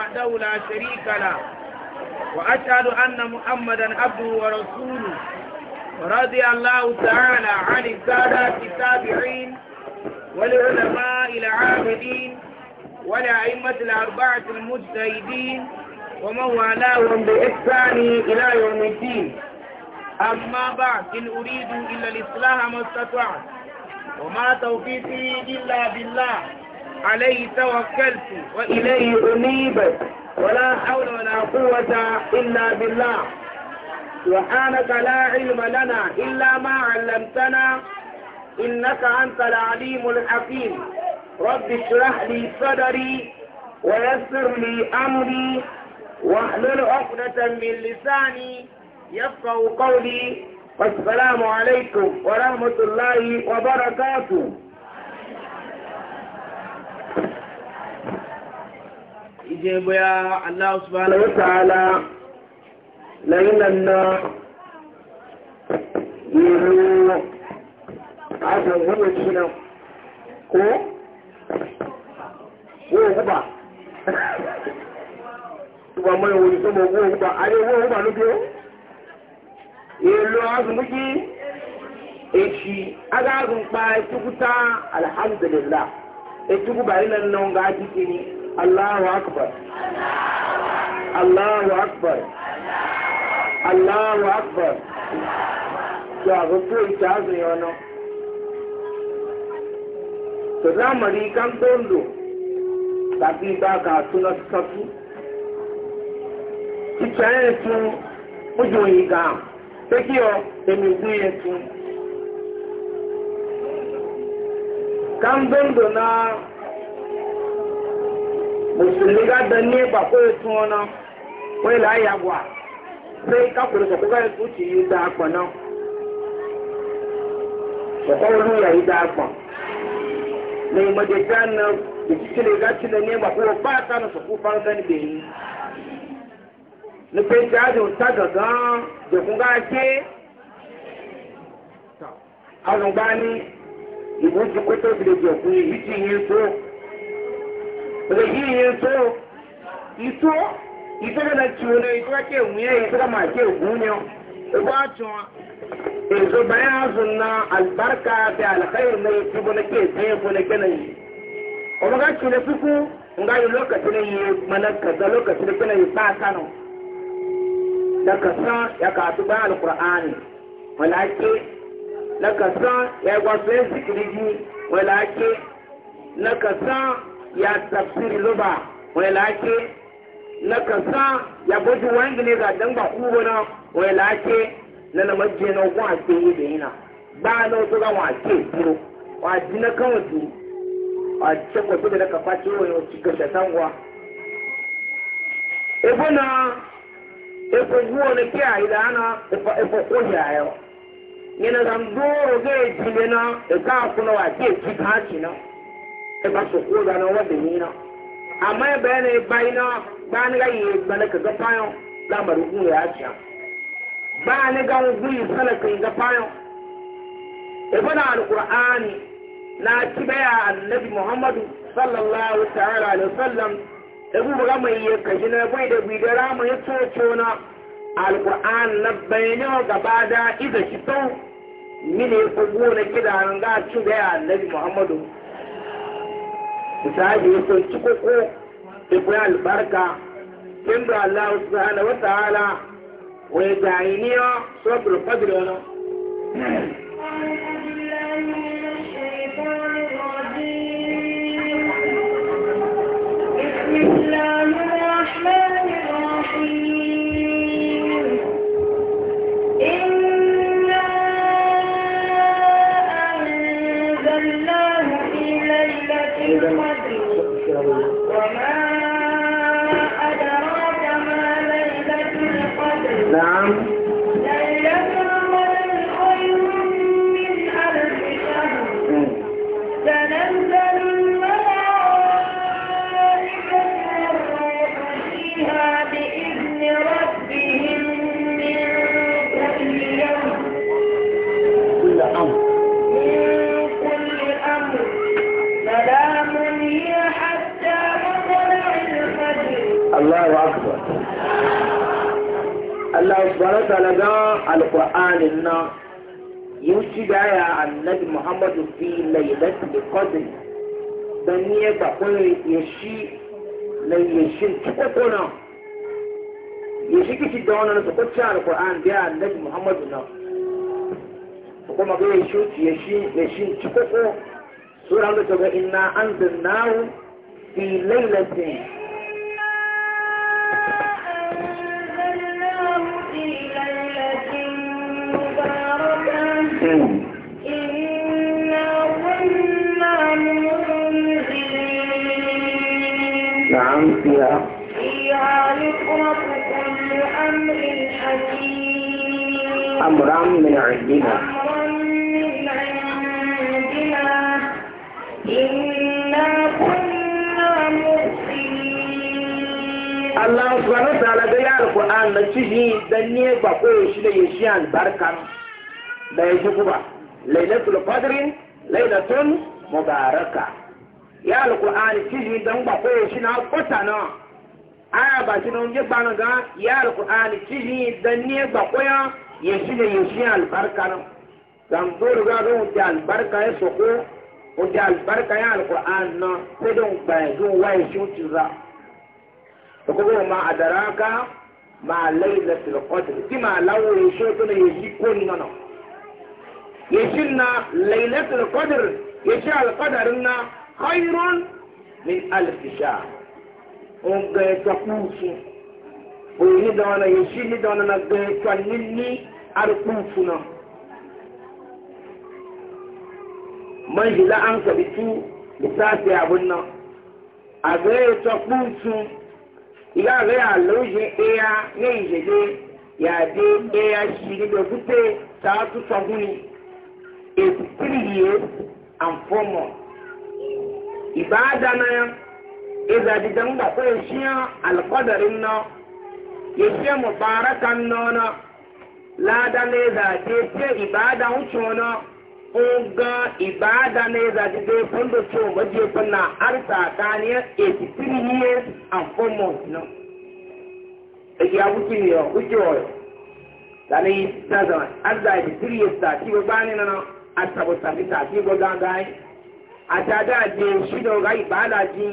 وحده لا شريك له وأشهد أن محمدا عبده ورسوله رضي الله تعالى عن السادة التابعين والعلماء العابدين والأئمة الأربعة المجتهدين ومن والاهم بإحسان إلى يوم الدين أما بعد إن أريد إلا الإصلاح ما استطعت وما توفيقي إلا بالله عليه توكلت وإليه أنيبت ولا حول ولا قوة إلا بالله سبحانك لا علم لنا إلا ما علمتنا إنك أنت العليم الحكيم رب اشرح لي صدري ويسر لي أمري واحلل عقدة من لساني يفقه قولي والسلام عليكم ورحمة الله وبركاته ije baya Allah subhanahu wa ta'ala lailan na yiwu a zanzuwa cinan ko wo guba tuba mai wuri sama wo guba a yi wo guba lókè ìlú azumuki èṣì agágùn pa kuta, alhamdulillah etuku bari nan nan ga jiki Allahu akbar Allahu akbar Allahu akbar ya go to ita zai wono to zamani kan tondo tapi ba ka tuna safu ti tsaye tun ojo yi ga pe ki o emi gun kan dondo na musulmi ga da ne ba ko tuwo na wai la ya gwa sai ka kuri ka kuka su ci yi da akpa na ka kawo ya yi da akpa na yi madaka na da ci cire ga ci da ne ba ko ba ta na su kufa gani da yi na kai ta ajin ta gaga da kun ga ke a zunga ni ìwúji pété ìgbèjì ọ̀kú yìí ti yẹn tó rẹ̀ yìí yẹn tó ìtó ìtẹ́lẹ̀ náà ti wọlé ìtọ́ kí èwú yẹn yìí tẹ́lẹ̀ máa kí èwú yẹn ẹgbẹ́ àtún wa èso báyà azùn na alibarika àti alikayi náà ti bọ́lá kí èsì yẹn bọ́lá kí náà yìí ọmọ ká tún lè fífú nga yi lọ́kàtí náà yìí mọ́nà kàtà lọ́kàtí náà kí náà yìí pàtà náà. Daga san ya ka tuba al-Qur'ani, wala ke na san ya gwasan sikiriji wani ake na san ya tafsiri luba wani ake na san ya gwaji wani ne ga dan ba kubo na wani ake na na majiya na kuma ake yi da yana ba na wasu ga wake tiro wa ji na kan wasu a cikin wasu da na kafa ciwo wasu cikin da sangwa ebe na ebe guwa na kiyaye da ana ebe kuwa yayo yana zan ga-eji jile na da ka kuna wa ke ci tashi na e ba so da na wanda na amma ya bayana ya na ga yi ba ga fayon lamarin ku ya ci ni ga mu yi salaka ga fayon e ba na alqur'ani na ci baya annabi muhammadu sallallahu ta'ala ga na da na alkur'an na bayanin gaba da iza ki sau mini kogo na gidan ga ci ga ya annabi muhammadu misali sun ci koko ikwai albarka kin da allah subhanahu wa ta'ala wa ya jahiliya sabr qadr masala ga alƙur'anin na yin shiga ya annabi muhammadu fi lailatul qadr da ni ba kun ya shi na ya shi kokona ya shi kici da wannan su kwace alƙur'an da annabi muhammadu na kuma ga ya shi ya shi ya shi kokoko sura da ta ga inna anzalnahu fi lailatin wù. Nàá ń fi ha. أمرا من عندنا Allah subhanahu wa ta'ala da ya alquran na cihi dan ne ba ko shi da bai ji kuma lailatul qadrin lailatun mubaraka ya alqur'ani kiji dan ba ko shi na kota na aya ba shi non je bana ga ya alqur'ani kiji dan ne ba ko ya yeshi ne yeshi albarka na dan dole ga don ta albarka ya soko o ta albarka ya alqur'an na sai don ba don wai shi tira ko ko ma adaraka ma lailatul qadr ti ma lawo shi to ne yeshi ko ni na يشنا ليلة القدر يشاء القدر إنا خير من ألف شهر ونقى تقوسي ويهدونا يشيني دونا نقى تنيني أرقوفنا man shi la an kabitu lissafi abun nan a gaya ta kutu ya gaya lauje ɗaya ya yi jade ya de ɗaya shi ne da gute ta su tsaguni eighty three years and four months. Ìbáadá náà ìzàdìdà ń gbà pé ìṣíyàn alùpàdàrí náà ìṣíyàn mùbáraka náà náà láàdá náà ìzàdì ìṣe ìbáadá ń tún náà fún gan ìbáadá náà ìzàdìdà fún dòtí òmòdì ìpín náà àrísà àkáni eighty three years and four months náà. Èyí awúkí ni ọ̀ wíjọ ọ̀yọ́. Tàbí 2000 àgbà ìdí 3 years tà atabotami tàbí gbọdọdọ ayé àtàdá àti ìṣúná ọgá ìbáàdà ti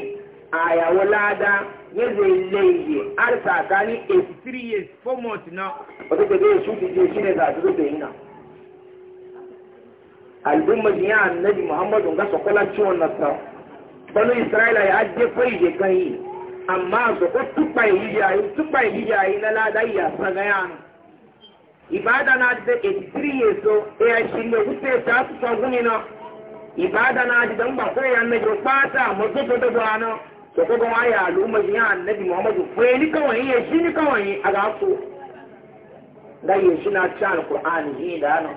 àyàwó láàdá yézè ilé ìyè àrùsà ká ní eighty three years four months náà ọdọgbẹdẹ èṣù ti di ìṣúná ẹgbẹ àdúgbò bẹyìn náà. alùpùpù ní ànábì muhammadu nga sọkọlá tí wọn nàta bọlú ìsirayẹlì àyà dé fún ìyè kan yìí àmọ́ àsọkọ túpà ìyíyà yìí túpà ìyíyà yìí náà láàdá yìí àsàgáyà náà. ibada na adịbe 83 years o eya shirye wuce ta su sọguni na ibada na adịbe mgbakọ ya mmejọ kpata mọtọtọtọ bụ anọ sokogo wa ya al'umma shi ya annabi muhammadu kwaye ni kawai ya shi ni kawai a ga ko. da ya shi na ci alkur'ani shi da ano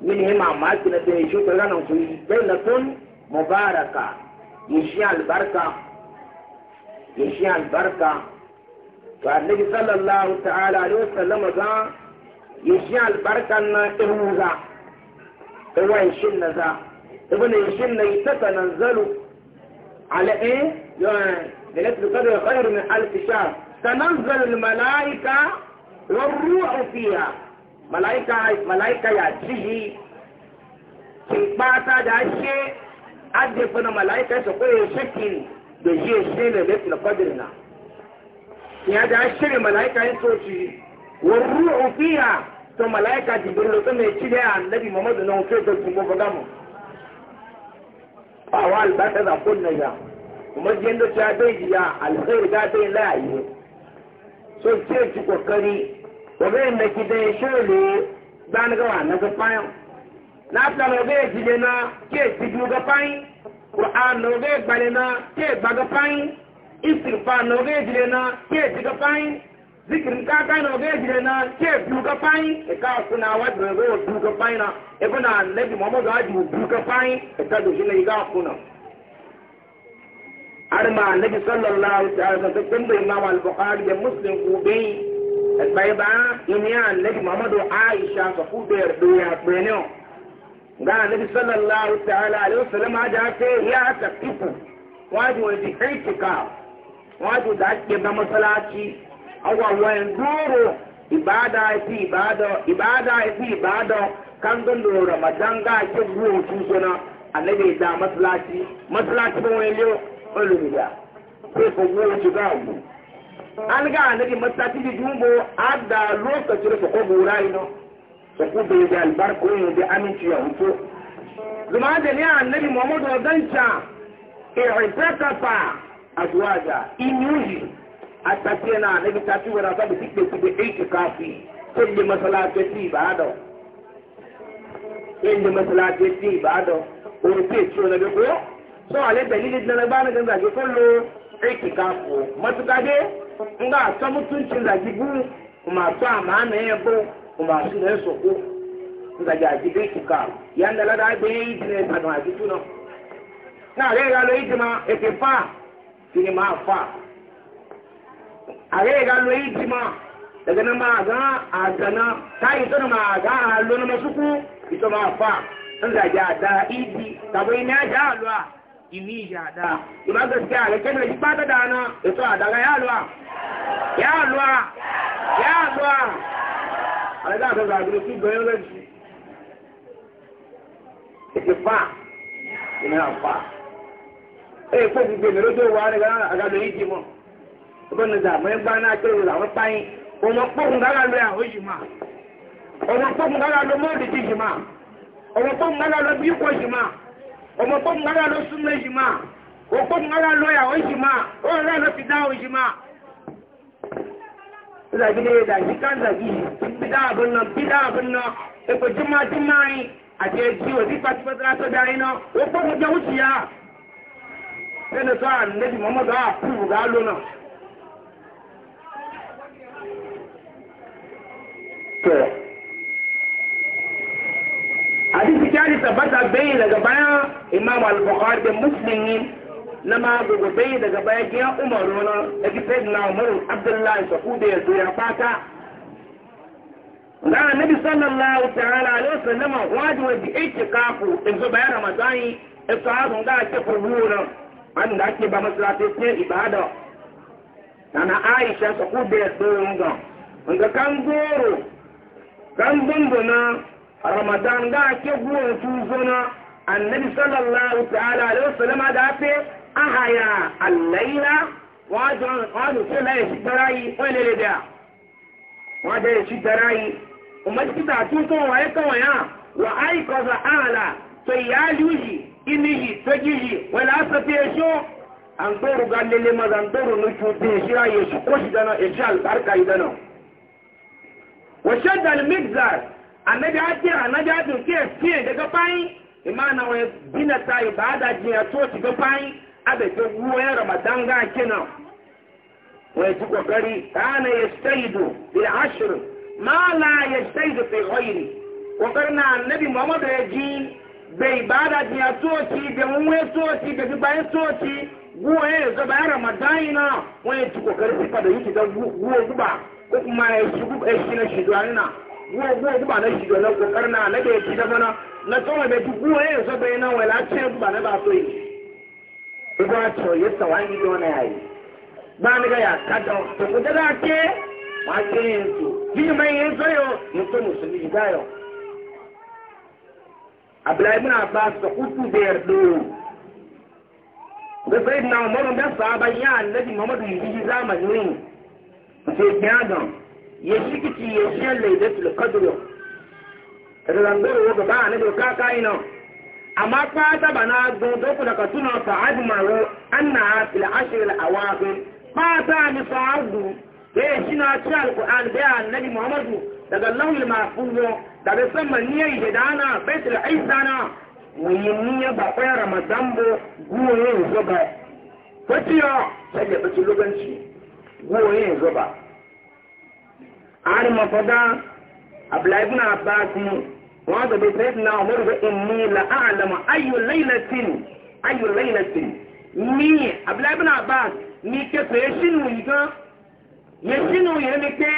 min hima maki na tsaye shi kwaye nan ko yi bayyanatun mubaraka ya shi albarka ya shi albarka to annabi sallallahu ta'ala alaihi wasallam ga yashin albarkan na ihuza iwa yashin na za ibn yashin na yi ليلة القدر خير من ألف شهر تنزل الملائكة والروح فيها ملائكة ملائكة يا في تباتا داشي أدفن ملائكة سقوي شكل بجي شين ليلة القدرنا يا داشي الملائكة يسوي والروح فيها ثم ملائكة جبريل ثم يتشيلها عن النبي محمد أنه كيف يكون بقامه فهو البحث هذا قلنا يا ومجين دو شابيج يا الخير قاتل لا يهي so ce ci kokari wajen da ki dai shirle dan gawa na ga fayan na ta no ga ji le na ke ti ju ga fayin qur'an no ga gbale na ke gba ga fayin istighfar no ga ji le na ke ti zikirin kaka na oge jire na ke duka fayin e ka suna wa jire go duka fayin na e ko na nabi muhammad ga ji duka fayin e ka do shine ga kuna arma nabi sallallahu alaihi wasallam tun da imam al-bukhari da muslim ku bai bai ba inya nabi muhammad aisha ka ku da do ya bene ga nabi sallallahu ta'ala alaihi wasallam ja ce ya taqifu wajibi fi hitika wajibi da ake ba masallaci awawa nduru ibada isi ibada ibada isi ibada kan gando ramadan ga ke buwo tuzona annabi da masallaci masallaci ba wani leo olumida sai ko buwo tuga mu an ga annabi masallaci di jumbo adda lokacin ko ko burai no ko ku be da albarko ne da aminci ya huto zuma da ne annabi muhammadu danta irfaqafa azwaja inyuhi atatie na anabi tati wera ba bisi kpe kpe eiti kafi kende masalati ti ibado kende masalati ti ibado ori pe ti na be ko so ale dalili dana ba na ganga ke kollo eiti kafu matuka de nga so mutunci da gibu kuma so amana yebo kuma su ne so ko nga ja gibe eiti kafu yanda la da be eiti ne tanu agitu no na re ga lo eiti ma e fa kini ma fa are ga lo yi jima daga na ma ga a gana ta yi tona ma ga a lo na masuku ito ma fa an za ja da idi ta bai na ja lo a ini ja da ima gaskiya ga kenan shi ba ta da na ito a daga ya lo a ya lo a ya lo a a ga ga ga ga ki bayan da shi ite fa ina fa eh ko bi ne rodo wa ne ga ga lo yi jima ọgbọ́n ní dàmọ́ náà kéwòn làwọn báyìí ọmọ pọ́kùn kára lọ àwọn yìí mà ọmọ kára lọ mọ́ọ̀lì ti yìí mà ọmọ kára lọ bí kò yìí mà ọmọ kára lọ súnmọ́ yìí mà ọmọ kára lọ yàwó yìí mà ọmọ kára lọ fi dáwọ́ yìí mà. ìlàgídé ìdàgí káńtà yìí bídà àbúnà bídà àbúnà èkó jùmọ̀ jùmọ̀ yìí to hadisi kyari tabbata bayi daga baya, imam al-bukhari muslim muslimin na ma-agụgụ magogo bayi daga bayan giyan umaru na egisaid na umaru abdullahi saku da ya ya fata na annabi sallallahu ta'ala alaihi wasallam waji wa bi itikafu in zo bayan ramadani in sahabun da ake furhura an da ake ba masalati sai ibada na na aisha saku da ya zo ga kan goro kan dondo na ramadan ga ke guwa tuzo na annabi sallallahu ta'ala alaihi wasallam da fe ahaya al-laila wajen kwanu sai la shi darayi wani ne da wajen shi darayi kuma shi ta tun kan waye kan waya wa ai kaza ala to ya luji iniji to giji wala safe sho an doru gallele mazan doru nuku te shi ra yesu ko dana e shi albarka idana washe da mixer annabi ake fiye daga bayin imana wa bina ta ibada ji ya to shiga bayin abe ta ruwa ramadan ga kina wa ji kokari kana la fi na ya ji bai ibada ji ya to shi da mun wai to shi da ya ina ji kokari fa da yake da ruwa ko kuma ya shigo ya shi na na wo wo ba na shigo na kokar na na da shi da bana na tsoma da duk wo ya bai na wala ce ba na ba so yi ko ba to ya tawani do na yayi ba ni ga ya kada to ko da ke ma ke yanzu bi mai yanzu yo mutum musulmi ga yo Abdullahi ibn Abbas da kutu da yardo da sayyidina Umar da sahaba ya annabi Muhammad yi zamani sai adam ya shikiti ya shan laidatul qadr rangar wa ba na doka kai nan amma fata bana dodo ku daga tuna fa admaru anna fil ashr al awakhir fata ni sa'adu ke shina ci alquran da annabi muhammadu daga lawil mahfuz daga sama niyyar hidana baitul aisana wuyinniya ba kwaya ramadan bo guwaye yanzu ba kwaciyo sai ya baki luganci ari mafada abdullahi ibn abbas mu wọn da bai sai na umar ga inni la a'lamu ayu lailatin ayu lailatin ni abdullahi ibn abbas ni ke so ya shinu yiga ya shinu ya ne ke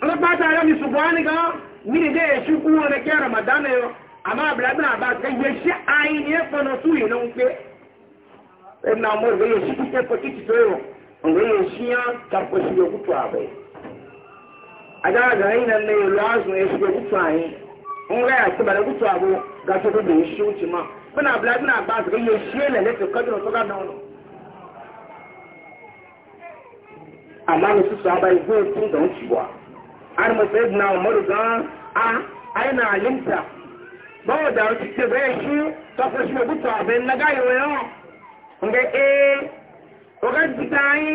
rabata ya mi subhani ga ni ne ya shuku na ke ramadan yo amma abdullahi ibn abbas ga ya shi ayi ne fa na su yi nan ke ibn umar ga ya shi ke fa kici so yo ngai ya shi ya tarko shi ya kutu agaga anyị na nne elu azụ ezigbo kutu anyị nra ya tebara kutu abụ gatogo da eshi uche ma bụ na abụla dị na agba azụ ihe shie na elefe kọdịrị ụtọ gada ọnụ amma n'ụtụtụ abalị bụ otu da nchigbu a ana masa ebi na umaru gan a anyị na alimta bawo da otu tebe eshi tọkwa shi abụ nnaga iwe ọ nga ee oga jita anyị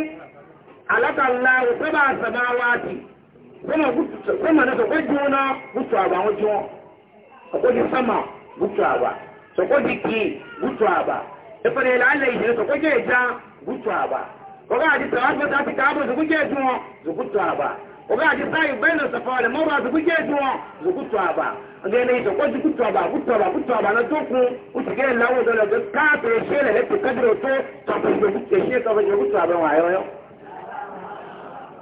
alaka nla ụtọba asaba wọ́n mọ̀ nípa pé dúró náà bùtù àbá wọn tí wọ́n ọkọ̀ di sámà bùtù àbá sọ̀kọ̀ di kì bùtù àbá ìpàdé ìlàlẹ̀ ìjìnlẹ̀ sọ̀kọ̀ jẹ́ ìjà bùtù àbá ọgá àti sàwọn àti àti káàbọ̀ sọ̀kọ̀ jẹ́ ìjù wọn zùkútù àbá ọgá àti sáyì bẹ́ẹ̀nà sọ̀fọ̀ọ̀lẹ̀ mọ́rọ̀ sọ̀kọ̀ jẹ́ ìjù wọn zùkútù àbá ngene yi sọ̀kọ̀ zùkútù àbá bùtù àbá bùtù àbá na tókun òsìkè làwọn ọ̀dọ́ lọ́gbẹ́ káàtó ìṣẹ́lẹ̀ lẹ́tọ̀ kẹ́dùrọ̀ tó tọ̀pọ̀ ìṣẹ́ tọ̀pọ̀ ìṣẹ́ zùkútù àbá wọn àyọ̀yọ̀.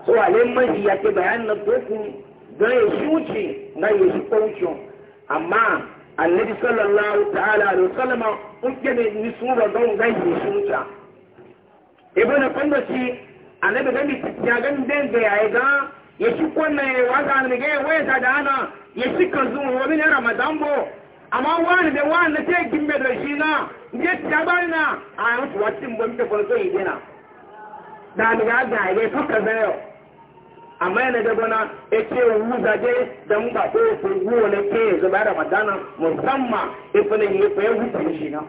so alaiman ya ke bayan na toku don ya shi wuce na ya shi kwancin amma annabi sallallahu ta'ala da salama uke ne ni sura don gai ya shi wuce ibn kwandaci annabi gani ya gani den da ya ga ya shi kwanna ya waza ne ga ya waya da ana ya shi kan zuwa wani ramadan bo amma wani da wani na ta gimbe da shi na ya ta bari na a yanzu wacin ban da farko yi dina da ni ga ga zayo amma yana da gona ya ce wu da ba ko su wu wala ke zuba da madana musamman ifinin yi fa wuce shi na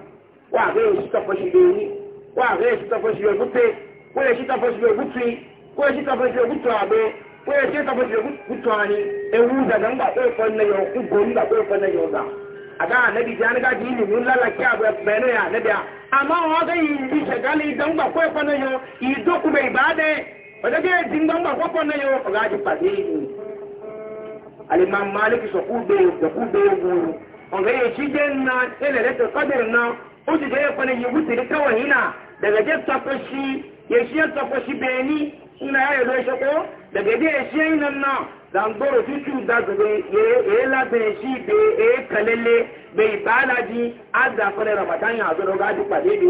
wa ga yi shi tafa da yi wa ga yi shi da wuce ko ya shi da wuce ko ya shi da wuce a be ko ya shi da wuce e wu ba ko na yau na yau aga ga ji mun lalaki ya anabi amma wa ga yi shi shagali dan ba ko fa na yau pẹ̀lẹ́gẹ́ ìdíngbàmà pọ́pọ̀ náà yọ ọ̀gá àti pàdé ìlú alimá malik sọ̀kúgbé ìgbẹ̀kúgbé ogun ọ̀gá yìí tí jẹ́ na ẹlẹ́rẹ́tẹ̀ kọ́dẹ̀rẹ̀ náà ó sì jẹ́ ẹ̀kọ́ yìí wútìrí káwọ̀ yìí náà dẹ̀gẹ̀dẹ̀ tọkọsí yẹ̀sí tọkọsí bẹ́ẹ̀ ní ńlá ayọ̀ lọ ṣọkọ́ dẹ̀gẹ̀dẹ̀ yẹ̀sí ẹ̀yìn náà dàǹgbòrò tútù dàgbẹ̀ èé lábẹ́ sí ibè èé kẹlẹ́lẹ́ bẹ ìbáàlájí àdàkọ́lẹ̀ ramadan yàn àdọ́dọ́gá àdúpàdé ìdè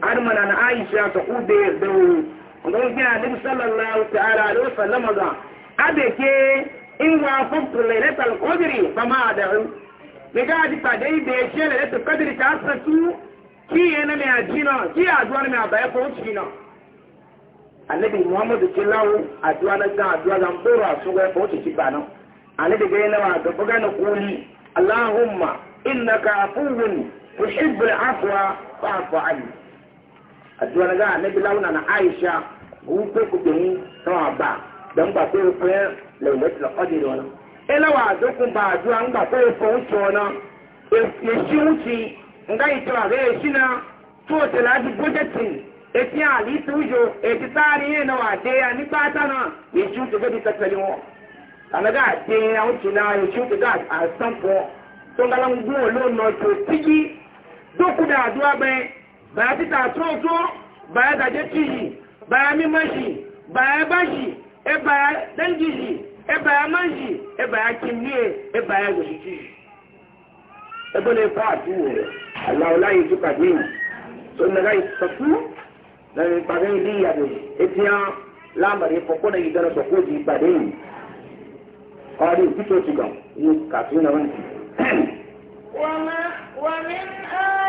har mana na aisha ta kude da wuri wanda wani gina nabi sallallahu ta'ala alaihi wasallam ga abe ke in wa kuntu lailatul qadri fa ma da'u me ga di padai be she lailatul qadri ta satu ki yana me ajina ki azuwa me abaya ko china annabi muhammadu sallallahu azuwa na ga azuwa zan bora su ga ko ci bana annabi ga yana wa ga buga na kuli allahumma innaka afuwun tuhibbul afwa fa'fu anni àti wọn gá anabi láwọn na aisha òun pé kò gbẹ̀yìn náà àbá gbẹ̀ngbà pé o pẹ́ lẹ́yìnlẹ́tì lọ ọ́dẹ lọ́nà. ẹ lọ́wọ́ àdókùn bá àdúrà ńgbà pé o fòun sọ ọ́nà èsì ń ti ńgá ìtura rẹ̀ èsì náà tó o tẹ̀lé àti bójẹ́tì etí àlì ìtújò ètí táàrí yẹn náà àdé ya ní pátá náà èsì ń ti fẹ́ di tẹ́tẹ́lẹ́ wọn. ànàgá àdé àwọn tì náà èsì ń ti gá àsánpọ̀ tó ń tó tíjì dókùdà bàyá títà tóótó bàyá dàjẹ́tì yìí bàyá mímọ́ yìí bàyá bá yìí ẹ bàyá dẹ́njì yìí ẹ bàyá má yìí ẹ bàyá kìmíye ẹ bàyá gòṣìṣì yìí. ẹgbẹ́ ní ipa àtúwò rẹ̀ aláwọ̀lá yìí tún pàdé yìí tó nàgá yìí sọ fún lẹ́yìn pàdé yìí ní ìyàdó etí hàn lámàrí fọ́pọ́ náà yìí dáná sọ fún yìí yìí. ọ̀rẹ́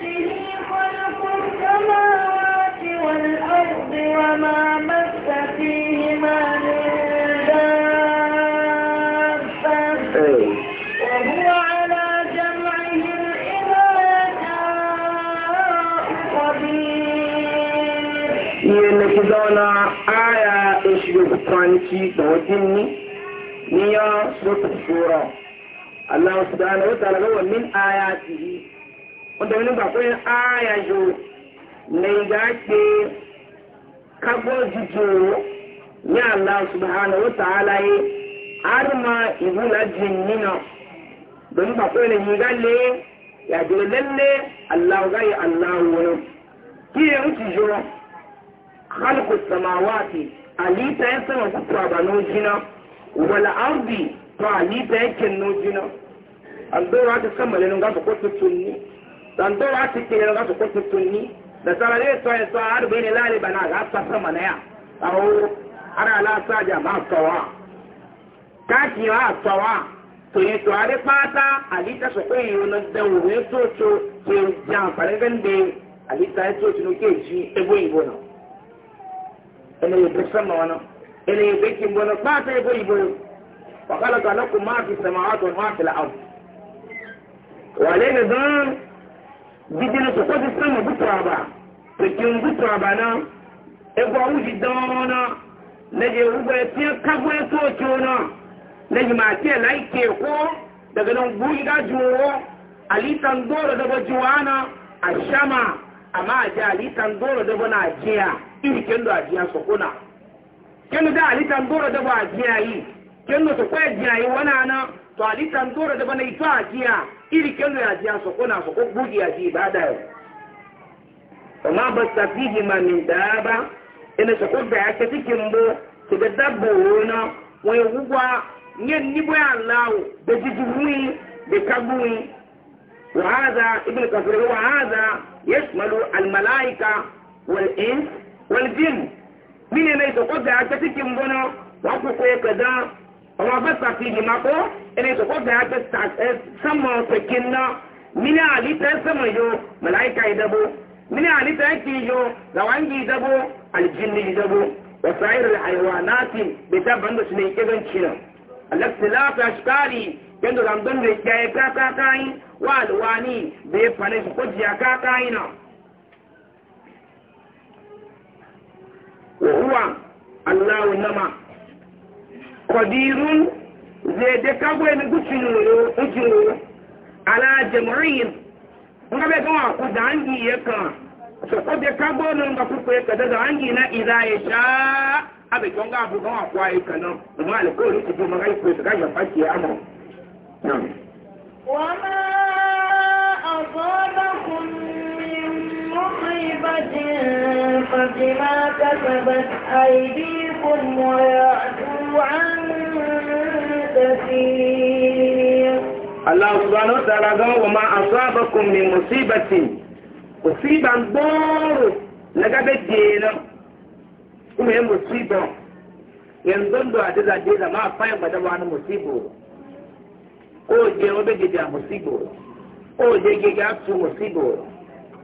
آياته خلق السماوات والأرض وما مس فيهما من دابة وهو على جمعهم إذا شاء قدير يمكن دولا آية إشبه فرانكي دوتيني نيا سورة الشورى الله سبحانه وتعالى هو من آياته wanda wani ba kuyin aya jo mai gace kago jijo ya Allah subhanahu wa ta'ala yi har ma ibu na jinnina don ba kuyin yi galle ya jiro lalle Allah ga yi Allah wani ki ya wuce jo khalqu samawati alita ya sama kuka ba nojina wal ardi to alita yake nojina an dora ta kammala nun ga sandora ati kele na to ko tunni da sarare to to har be ne lale bana ga ta sama na ya awo ara la sa ja ma tawa ka ki wa tawa to ye to are pata ali ta so ko yi no da wo ne to to ke ja pare gande ali ta to to no ke ji e bo ibo no ene ye be sama no ene ye be ki bo no pata e bo ibo wa kala ta lakum ma fi samawati wa ma fil ard wa alayna jíjẹ́lẹ̀ tó kọ́sí sánà bútù àbà pẹ̀kẹ́ bútù àbà náà ẹgbọ́ awújì dánwọ́ náà lẹ́yìn orúkọ ẹtí kágbọ́ ẹtí òtí ó náà lẹ́yìn màá tiẹ̀ láìkè ẹ̀kọ́ daga nan guri ga juwo alitan doro daga juwana a shama amma a ji alitan doro daga na ajiya iri kendo ajiya sokuna kendo da alitan doro daga ajiya yi kendo su kwa e ajiya yi wana na to alita ndora da bana ito ajiya iri kelo ya ajiya so kona so ko bugi ya ji ibada yo amma ba ta fihi ma min daba ina so ko da ya ke cikin bo to da dabbo na wai gugwa nyen ni bo ya lawo da jijuwi da kabuwi وهذا ابن كثير وهذا يشمل الملائكة والإنس والجن من ليس قد عكتك بنا وقفوا كذا ọmọ afẹ́sà ti ìgbìmọ̀ kó ẹni ìsọ̀kọ́ bẹ̀rẹ̀ afẹ́sà sẹ́mọ̀ pẹ̀kín náà mini àlítẹ́ sẹ́mọ̀ yó mẹ̀láìka ìdẹ́bó mini àlítẹ́ kì í yó làwáńgì ìdẹ́bó àlìjínní ìdẹ́bó wọ̀sáyìrì àyẹ̀wò ànáàtì bẹ̀tẹ̀ bàndó sinmi ìkẹ́gàn kyiná alẹ́sìláfẹ́ àṣkáàlì yẹndo làǹdó ní ìkẹ́ kákákáyín wà lùwání bẹ́ẹ̀ fani ìsọ̀kọ́ jìyà kákáyín náà. wòhùwà aláwọ̀ nàmà قدير زي دكابو يمكوشنو وشنو على جمعين ngabe gawa ku dangi yaka so ko de kabo no nga ku ko yaka da na ida ya sha abe jonga abu gawa ku ayi kana ma le ko ni ku ku ga ya faki amo wa ma طيبة فبما كسبت أيديكم ويعفو عن كثير الله سبحانه وتعالى وما أصابكم من مصيبة مصيبة دور لقد جينا kuma musiba yanzu da ta zaje jiza ma fayin ba da wani musibo ko je wani gidi a musibo ko je gidi a su musibo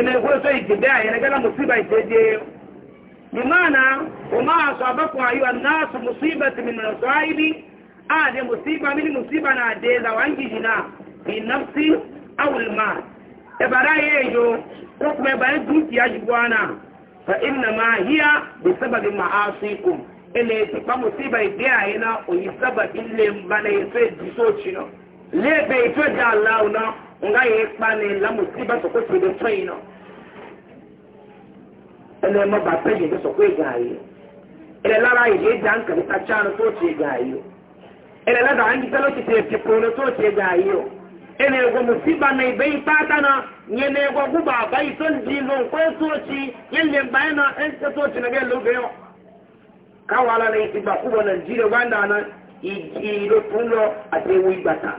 ina ya kwaso ikidaya yana gana musiba iteje bimana wama asabakum ayuha nasu musibati min nasaibi ade musiba mini musiba na adeza wangijina fi nafsi au lmal ebara yeyo ko kuma ebaye dukiya ji bwana fa innama hiya bisababi maasikum ina itipa musiba idea yana oyi sababin lembana yeso ejiso chino lebe ito da nga yi kpa na la musiba soko si de fɛn yin na ɛnɛ ba pɛ yin de soko yi yi ɛnɛ lara yi de dan kabi ta ca no t'o ti gaa yi o ɛnɛ la ti te ti t'o yi o ego musiba na ibe yi na nye na ego guba ba yi nye le ba yi na na kɛ lo kawala na na ji de na na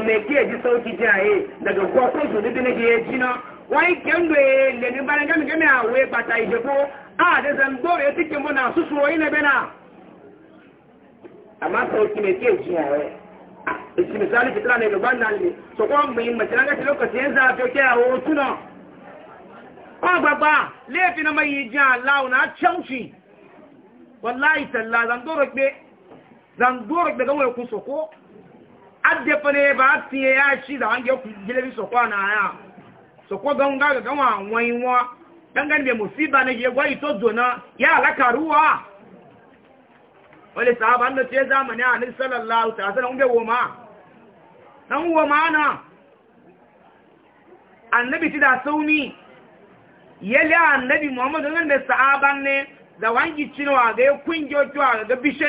mai ke ji sauki jaye daga kwakwa su dubi na ke ya ji na wani kendo ya lemi bana gami gami a wai bata ije ko a da zandoro ya cikin mu na su suwoyi na bena amma sauki mai ke ji yaye isi misali fitila ne gaban nan ne so kuma muhimmanci na gashi lokaci yanzu a fiye kya hotu na kwa gbagba laifin na mai yi ji allahu na canci wallahi talla zandoro gbe zandoro gbe gawai kun soko adẹ́pẹ́ ba bá ti ẹ̀ yá ṣí ìdàwọn jẹ́ jẹ́lẹ́bí sọ̀kọ́ àná àyà sọ̀kọ́ gangan gangan wọn àwọn ìwọ̀n gangan bẹ̀ mọ̀ sí ìbànú yẹ wáyé tó dùnà yá alákàrúwà wọ́n lè sàábà ń lọ sí ẹ̀zá mọ̀ ní àní annabi ti da sauni annabi muhammadu ń lè sàábà ne da wọ́n jì ga ya kungiyoyi ga bishe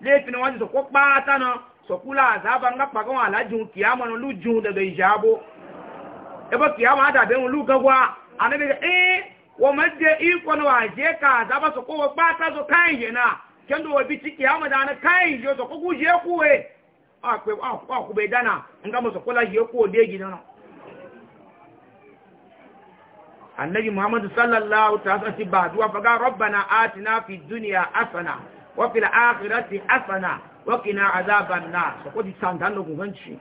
laifin wani su kpaata na su azaba azaban ga kpagan alajin kiyama lu lujin ebe kiyama ada bẹ wọn lugagwa anabi ga eh na wà jẹ́ ka azaba su ko wọ́n ɓata kayan na kendo wọ́n bi ci kiyama da na kayan yi su a dana na muhammadu sallallahu atina fi asana وفي الآخرة حسنة وقنا عذاب النار سقط لو غنشي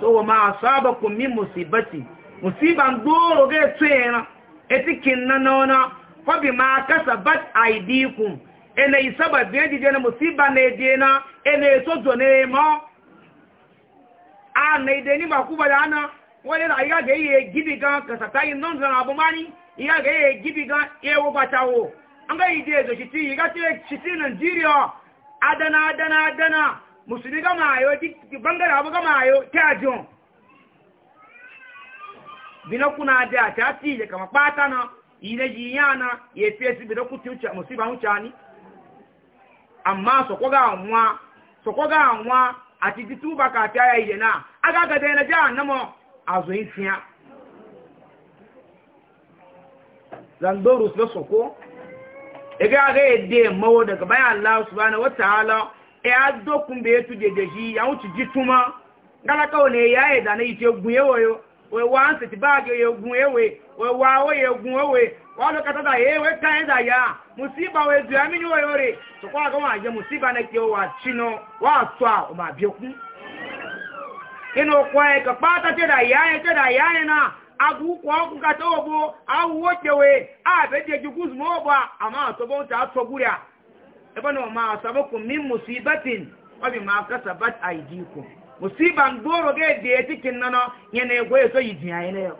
سو ما أصابكم من مصيبة مصيبة غير تينا فبما كسبت أيديكم na edena ene etozo na emo a na da ana wani na iya ga iya yi abu mani iya ga iya nga yi dezo kiti yi gati kiti Nigeria adana adana adana musulmi gama ayo bangare abu gama ayo ta ajo bina kuna da ta ti je kama pata na ile jiyana ye fesi bina kuti ucha musiba ucha ni amma so ko ga nwa so ko ga nwa ati tituba ka ta ya ile na aga ga da na ja namo azo intia zandorus lo soko ga ga ede mawo daga bayan Allah subhanahu wataala e addo kun be tu de deji ya wuci jituma ngala ka ne ya e na ite gun yewo yo we wa ti baage yo gun ewe we wa wo yo gun ewe wa lo kata da ya musiba we du ami ni wo so kwa ga wa je musiba na ke wa chino wa ma bi kwa e ka pata te da ya e, e na agụkwu ọgwụ kata obo awụwo chewe abejejikwu zumogbo ama atọbọ nta atọgburu ya ebe na ọma asabokwu min musibatin obi ma kasabat aidiku musiba ndoro ga ede etiki nnano nye na egwe eso yi di anyị na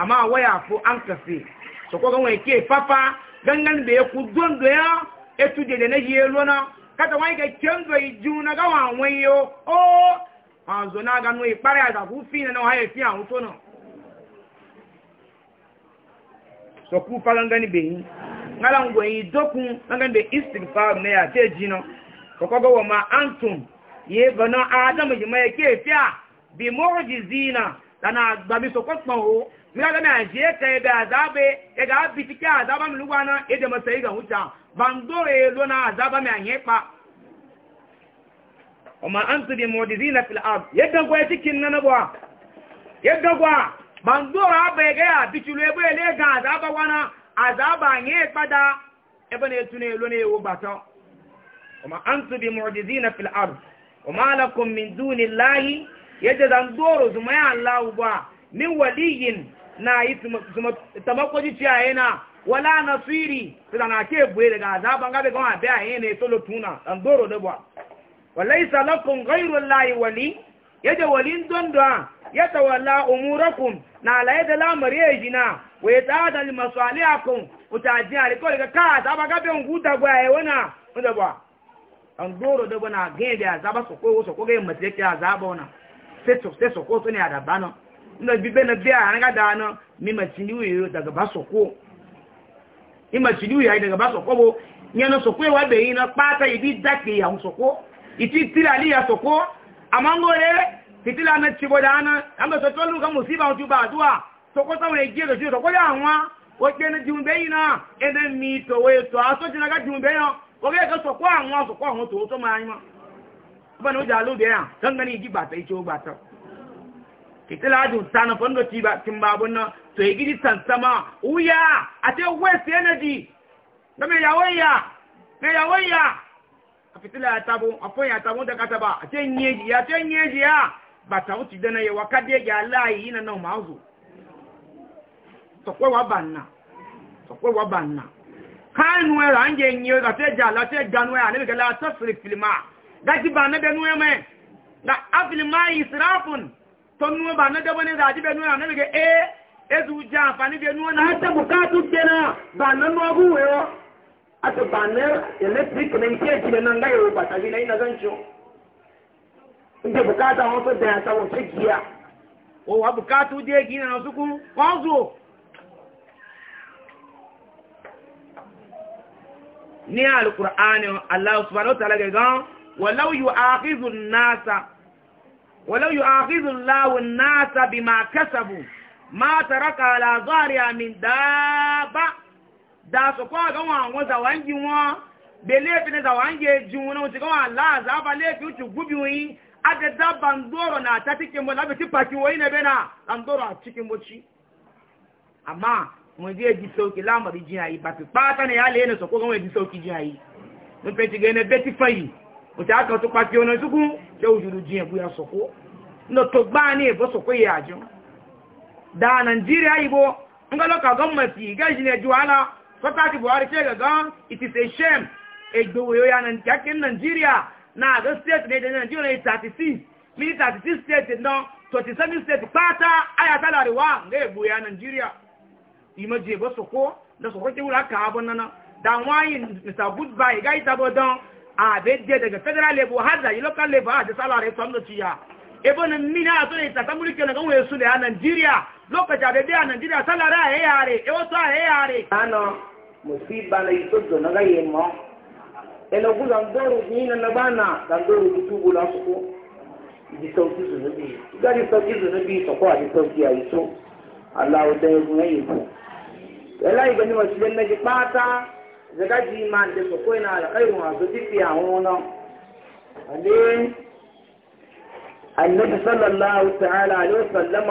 amma waya fo an kafe so ko gan ke papa gangan da ya ku dondo ya etu de na ihe elo na kata wai ga kendo yi iju na gawa wa won yo o anzo na ga no ipare azabu fi na na wa ye fi an to na sọ̀kú fagangani bẹ̀yìn ngalan gwẹ̀yìn dọ́kun gangan bẹ̀ istigfar na ya tẹ́ jina kọ̀kọ́gọ́ wọ ma antum yẹ bọ̀nà adamu jima ya ke fi a bi mọ́rọ̀jì zina lana gbabi sọ̀kọ́ kpan o mira gani a je ka ebe azabe ya e ga ka ke azaba mi lugwa na ede masa yi ga huta bandoro ya lo na azaba mi a nye kpa wọ ma antum bi mọ́rọ̀jì zina fil ab yadda gwa ya cikin na na bwa yadda gwa bandora bai gaya bicilo ebe ele ga azaba wana azaba nye kpada ebe na etu na elo na ewo gbata kuma an su bi mu'jizina fil ard kuma lakum min dunillahi yadda zan doro zuma ya Allah uba min waliyin na yi tamakoji ciyaye na wala nasiri da na ke buye daga azaban gabe kan abi a yana ya tolo tuna zan doro da ba lakum ghairu lahi wali yajawalin dondoa yatawalla umurakum na alaye da lamari ya jina wai ta da maswali akun utaji a rikon daga ka ta ba gabe guta gwa ya wana wanda ba an doro da bana ganye da azaba su ko wasu ko gayin mace yake azaba wana sai su ko su ne a dabba nan inda bibe na biya an ga da nan mi mace daga ba su ko mi mace ni daga ba su ko bo yana su ko wa bayi na pata ibi dake ya su ko iti tirali ya su ko amma ngore fitila na cibo da ana an ga soto lu kan musiba wato ba duwa to ko sawo ne je ga shi to ko ya anwa o je na jumbe ina ene mi to we to aso jina ga jumbe yo o ge ga so ko anwa so ko anwa to to ma yin ba no ja lu de ya kan gani ji ba ta icho ba ta fitila ju sana fondo ti ba tin babun na to yi gidi sansama uya ate waste energy da me ya waya me ya waya fitila ya tabo afon ya tabo da kataba a ce nyeji ya ce nyeji ya ba ta wuce dana ya wa kade ya layi ina nan ma zo sokwewa banna sokwewa banna kanu era nje nyo da te ja la te janu ya ne ga la tasri filma da ji ba na da nu me da afil mai israfun to nu ba na da bane da ji be nu ya ne ga e ezu ja afani be nu na ta bukatu kenan ba nan nu abu wewo ati baner electric na ike ekile na nga yoruba batabi na ina zan ciwo nke bukata wọn tó dẹ̀yà sáwọn ṣe gíà wọ́n wà bukata ó dé egi na ọ̀sùnkún wọ́n zò ní alukur'ani aláwọ̀ sùpàdé ó tàlẹ̀ gẹ̀gán wọ́lọ́wọ́ yóò àkízù náàsà wọ́lọ́wọ́ yóò àkízù láwọ̀ náàsà bí máa kẹsàbù máa tàrákà àlàzọ́ àríyàmì dáàbà da su kwa ga wọn zawangi wọn be laifi e na zawangi ji wọn wuce ga wọn la'aza ba laifi wuce gubi wuyi a da dabban doro na ta cikin mu labi tipaki wai na bena an doro a cikin boci amma mun je ji sauki lamari jiya yi ba su fata ne ya le ne so ko ga ji sauki jiya yi mun fe ne beti fayi o ta ka to pa ki ona suku je ojuru jiya e bu ya so ko no to gba ni e bo so ko ya jo da nigeria ka government ga ji ne ju ala Sotaki Buhari ce ga gan, it is a shame, a gbowoyo ya yakin Nigeria na ga state ne da Nigeria ne 36, mini 36 state na 27 state pata aya ta larewa ga egbo ya Nigeria. Ima je ba soko, da soko ke wula ka abun nana. Da wani Mr. Goodbye ga ita bo don a bedde daga federal level har da local level a da salary to amna ciya. Ebo na mini a to ne ta tamuri ke na ga wani su Nigeria. Lokaci a bedde Nigeria salary a yare, e wato a yare. Ano, musiba na itozo na gaye mo elo kula ndoro nyina na bana na ndoro kitubu la ko di sauti zo nabi gari sauti zo nabi to ko di sauti ayi to Allah o dai mu yi ko ela ibe ni wasi den naji pata zaga ji man de ko ina ala khairu wa zo ti ya hono ale النبي صلى الله تعالى عليه وسلم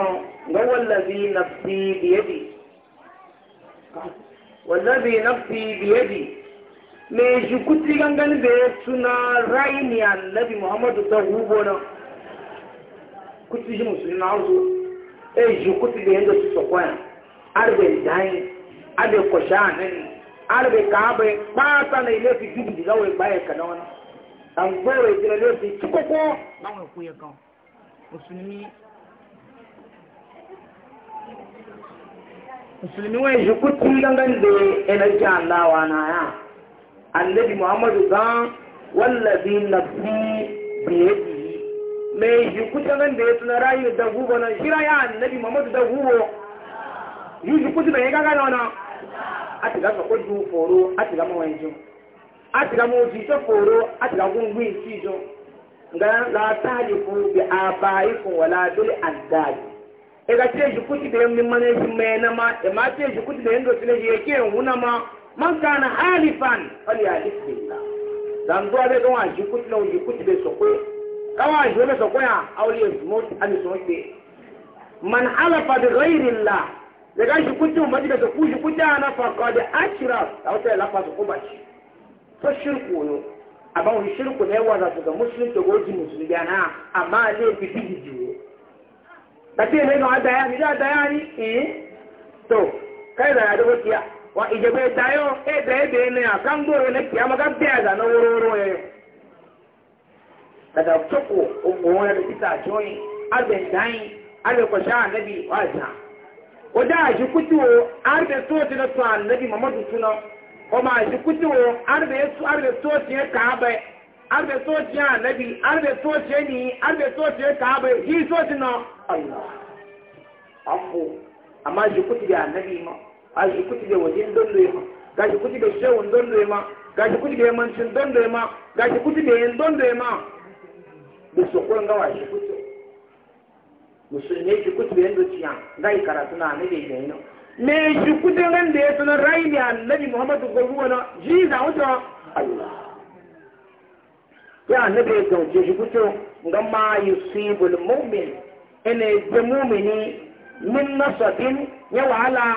هو الذي نفسي بيده wallabi nafsi bi me shi kuti gangan da ya tuna raini annabi muhammadu ta hubo na kuti shi musulmi na hausu e da yadda su ya arbe dayin arbe kwasha hannun arbe ka abai kpata na ile fi dubu da zawai baya na wani an gbere jira lefi cikoko na wani kuya kan musulmi musulmi wani shi kutu dangane da energy allawa na ya annabi muhammadu zan wallazi nafsi biyadi mai shi kutu gangan da ya tuna rayu da gugu nan shi ya annabi muhammadu da gugu yi shi kutu bai gaga na wana a ti gaga kudu foro a ti gama wani jin a ti gama wani jin foro a ti gama gungun si jo ga la talifu bi a kun wala dole a addadi ega ce shi kuti da yammin mana shi mai na ma da ma ce shi kuti da yando tile ya ke huna ma man kana halifan fali halif billah dan zuwa da gawa shi kuti na shi kuti da sokwe kawa shi da sokwe a auliya mut an sokwe man halafa bi ghairillah da ga shi kuti mu da ku shi kuti ana fa qad ashraf da wata la fa ko ba shi to shirku yo abawo shirku ne wa za su ga musulunci goji musulmi na amma ne bi bi jiwo tafi ne ga wata ya gida ta yani eh to kai da da wakiya wa ijabe tayo e da e ne a kan goro ne kiya maka biya da na wororo ya yo kada tsoko umma da kita joyi arbe dai arbe ko sha nabi wa sa o da ji kutuwo arbe so ti na to annabi muhammadu tuna o arbe soci ya nabi arbe soci ni arbe soci ya kaba yi soci na Allah afu amma ji kuti ya nabi ma a ji kuti da wajen dondo ma ga ji kuti da shewun dondo ma ga ji kuti da yamancin dondo ma ga ji kuti da yin dondo ma da sokon gawa shi kuti musulmi ji kuti da yin an, ga yi karatu na nabi da yi me shi kuti ran da ya sanar rai da annabi muhammadu gwagwa na ji za wuta Allah ya nabe ga jeji kuto ngamma siibul mu'min ene je mu'mini min nasabin ya wala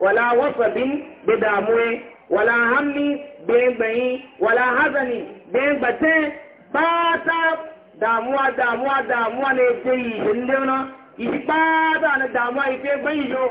wala wasabin bi damuwe wala hammi bi bayi wala hazani bi bate bata damuwa damuwa damuwa ne je yi hindeona yi bata na damuwa yi pe bayi yo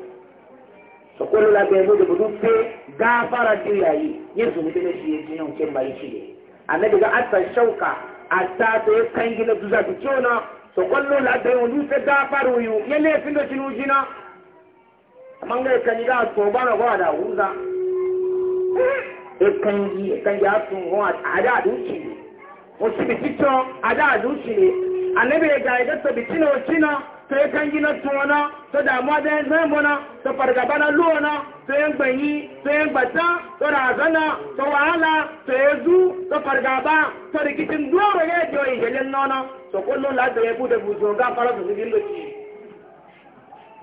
sokolo la bɛn de budu pe gafara ti ya yi ye zumbi ne si ye diɲɛ cɛ mali si ye ale de ka ata shauka ata to ye kangi na duza bi tiɲɛ na sokolo la bɛn olu tɛ gafara yi ye ne fin dɔ tinu jina manga kanyi ka tɔn ba na ko a da wuza e kanyi e kanyi a tun ko a da a dun si ye o si bi ti tɔn a da a dun si ye ale bɛ ga ye ka tobi tina o tina. sai kan gina tona ta damuwa da yin zaimuna ta fargaba na luwana ta yin gbanyi ta yin bata ta razana ta wahala ta yi zu ta fargaba ta rikicin doro ya yi yoyi gelin nona so kullum lati ya bude buzo ga fara su zubin lokaci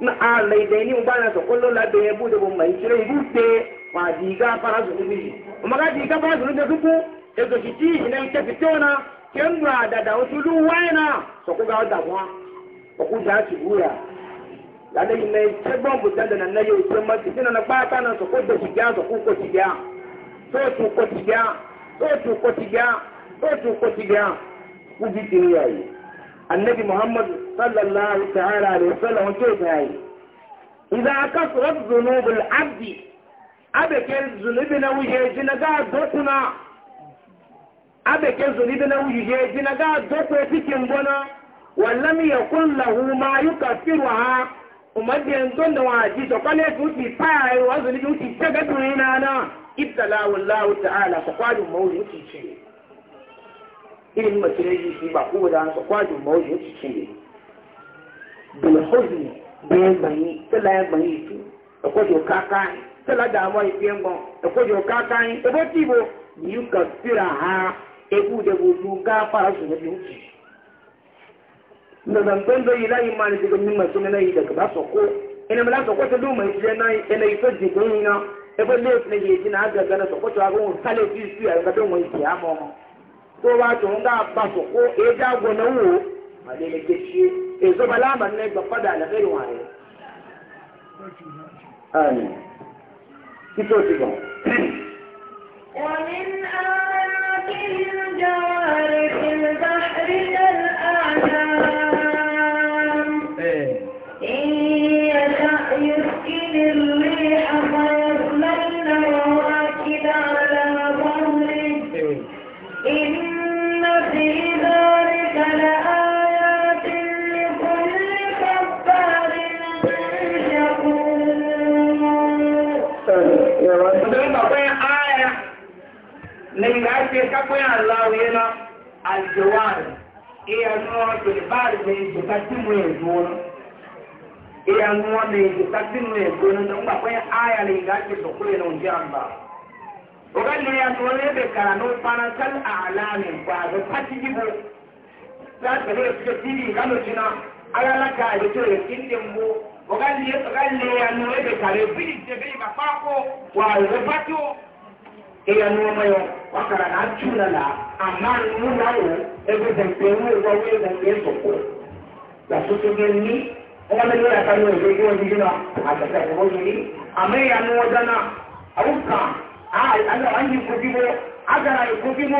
na a ni mu bana ta kullum lati ya bude bu mai shirin buɗe ma diga fara su zubin kuma ga diga fara su zubin suku ya zo shi ci ne ta fitona kin da da wasu luwaina ta ku ga kuma okuja chibura lade ime chegbo mbutende na nayo uchema kisina na bata na soko de chigya soko uko chigya so tu uko chigya so tu uko chigya so tu uko chigya kuji tiniya yi annabi muhammad sallallahu ta'ala alaihi wasallam ke tayi idza kasrat dhunubul abdi abekel zunubi na wuje jina ga dotuna abekel zunubi na wuje jina ga dotu fikin bona ولم يكن له ما يكفرها umarjiyar don da waji da kwale su ci fayar wanzu ne yuci ta ga tunina na ibtala wallahu ta'ala ka kwajin mawuyi yuci ce irin masire yi shi da ka kwajin mawuyi yuci ce bil huzni bai maori tala ebu nana gbɛndɔ yi la yi maa ni dege mi ma so nana yi dege ba sɔko ɛnɛmɛ la sɔko tɛ do ma yi na ɛnɛ yi fɛ dege yi na ɛfɛ lee fana yi di na aga gana sɔko tɛ a ko ŋun kale fi su yɛrɛ ka bɛ ŋun si a mɔ ma ko waa tɔ ŋun k'a ba sɔko e da gɔnɔ wo ma de ne kesi e zɔba la ma ne gba fada la fɛ yi wa ye. ayi ke kakwe Allah yana aljawar iya nuwa to ba da ji katin mu yanzu na iya nuwa da ji katin mu yanzu na don ba kai aya ne ga ke to kure nan jiran ba ogan ne ya to ne be karano fana kal alamin ba ga fati gibo za ta ne ke tini ga no jina ala la ka da to eya nneɛma yɛ wakara na atu na na ama mu na wo egu dɛmpɛn mu ewa wo ewa yɛ sɔkɔ yasoso bi ni wɔn na yɛ aka no ebi wɔn yi na agbata ɛwɔ yi ama eya no wɔda na awo ka a ala anyi kofi mo agara kofi mo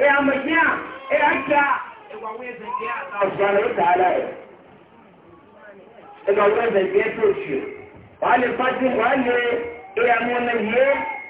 eya amagye a eya akya ewa wo ewa yɛ aka ɔsua na ɔda ala yɛ ewa wo ewa yɛ to ekyir wɔn alɛ pati wɔn alɛ eya mo na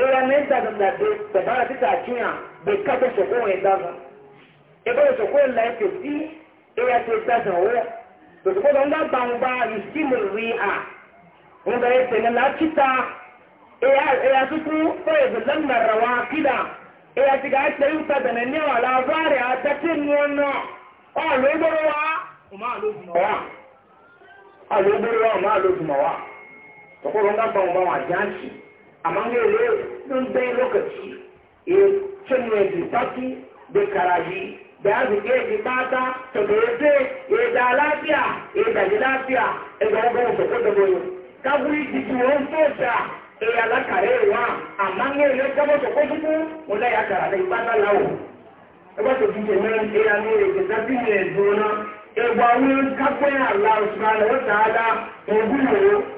era nem da da da da da da tinha de cada socorro em dava e para socorro lá que se era de da hora do que quando anda bamba e simulria um da esse na chita. e a e a suco foi de lama rawakida e a tiga se uta da nem a la vare da tinha ó lembro wa uma luz nova ó lembro wa uma luz nova socorro bamba a gente amma ne ne ɗin dai lokaci ya cin ne da karaji da ya eji ji mata ta da ya ce da ya da ji lafiya ga wani wasu ko da ka buri jiki wani sosa ya la duku ya kara ya ba su jike ya ne ya ke ya ba wani kakwayan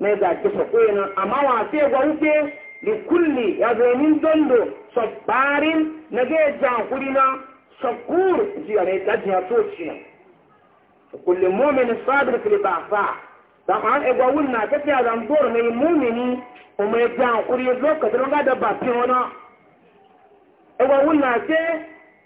mai zaki sakwena amma wa sai gwarfe da kulli ya domin dondo sabbarin na ga jankuri na sakur jiya mai daji ya toci na kullum momini sabir filibafa da ma an egwa wun na tafiya zambor mai momini o mai jankuri lokacin ga da bafin wani egwa wun na ce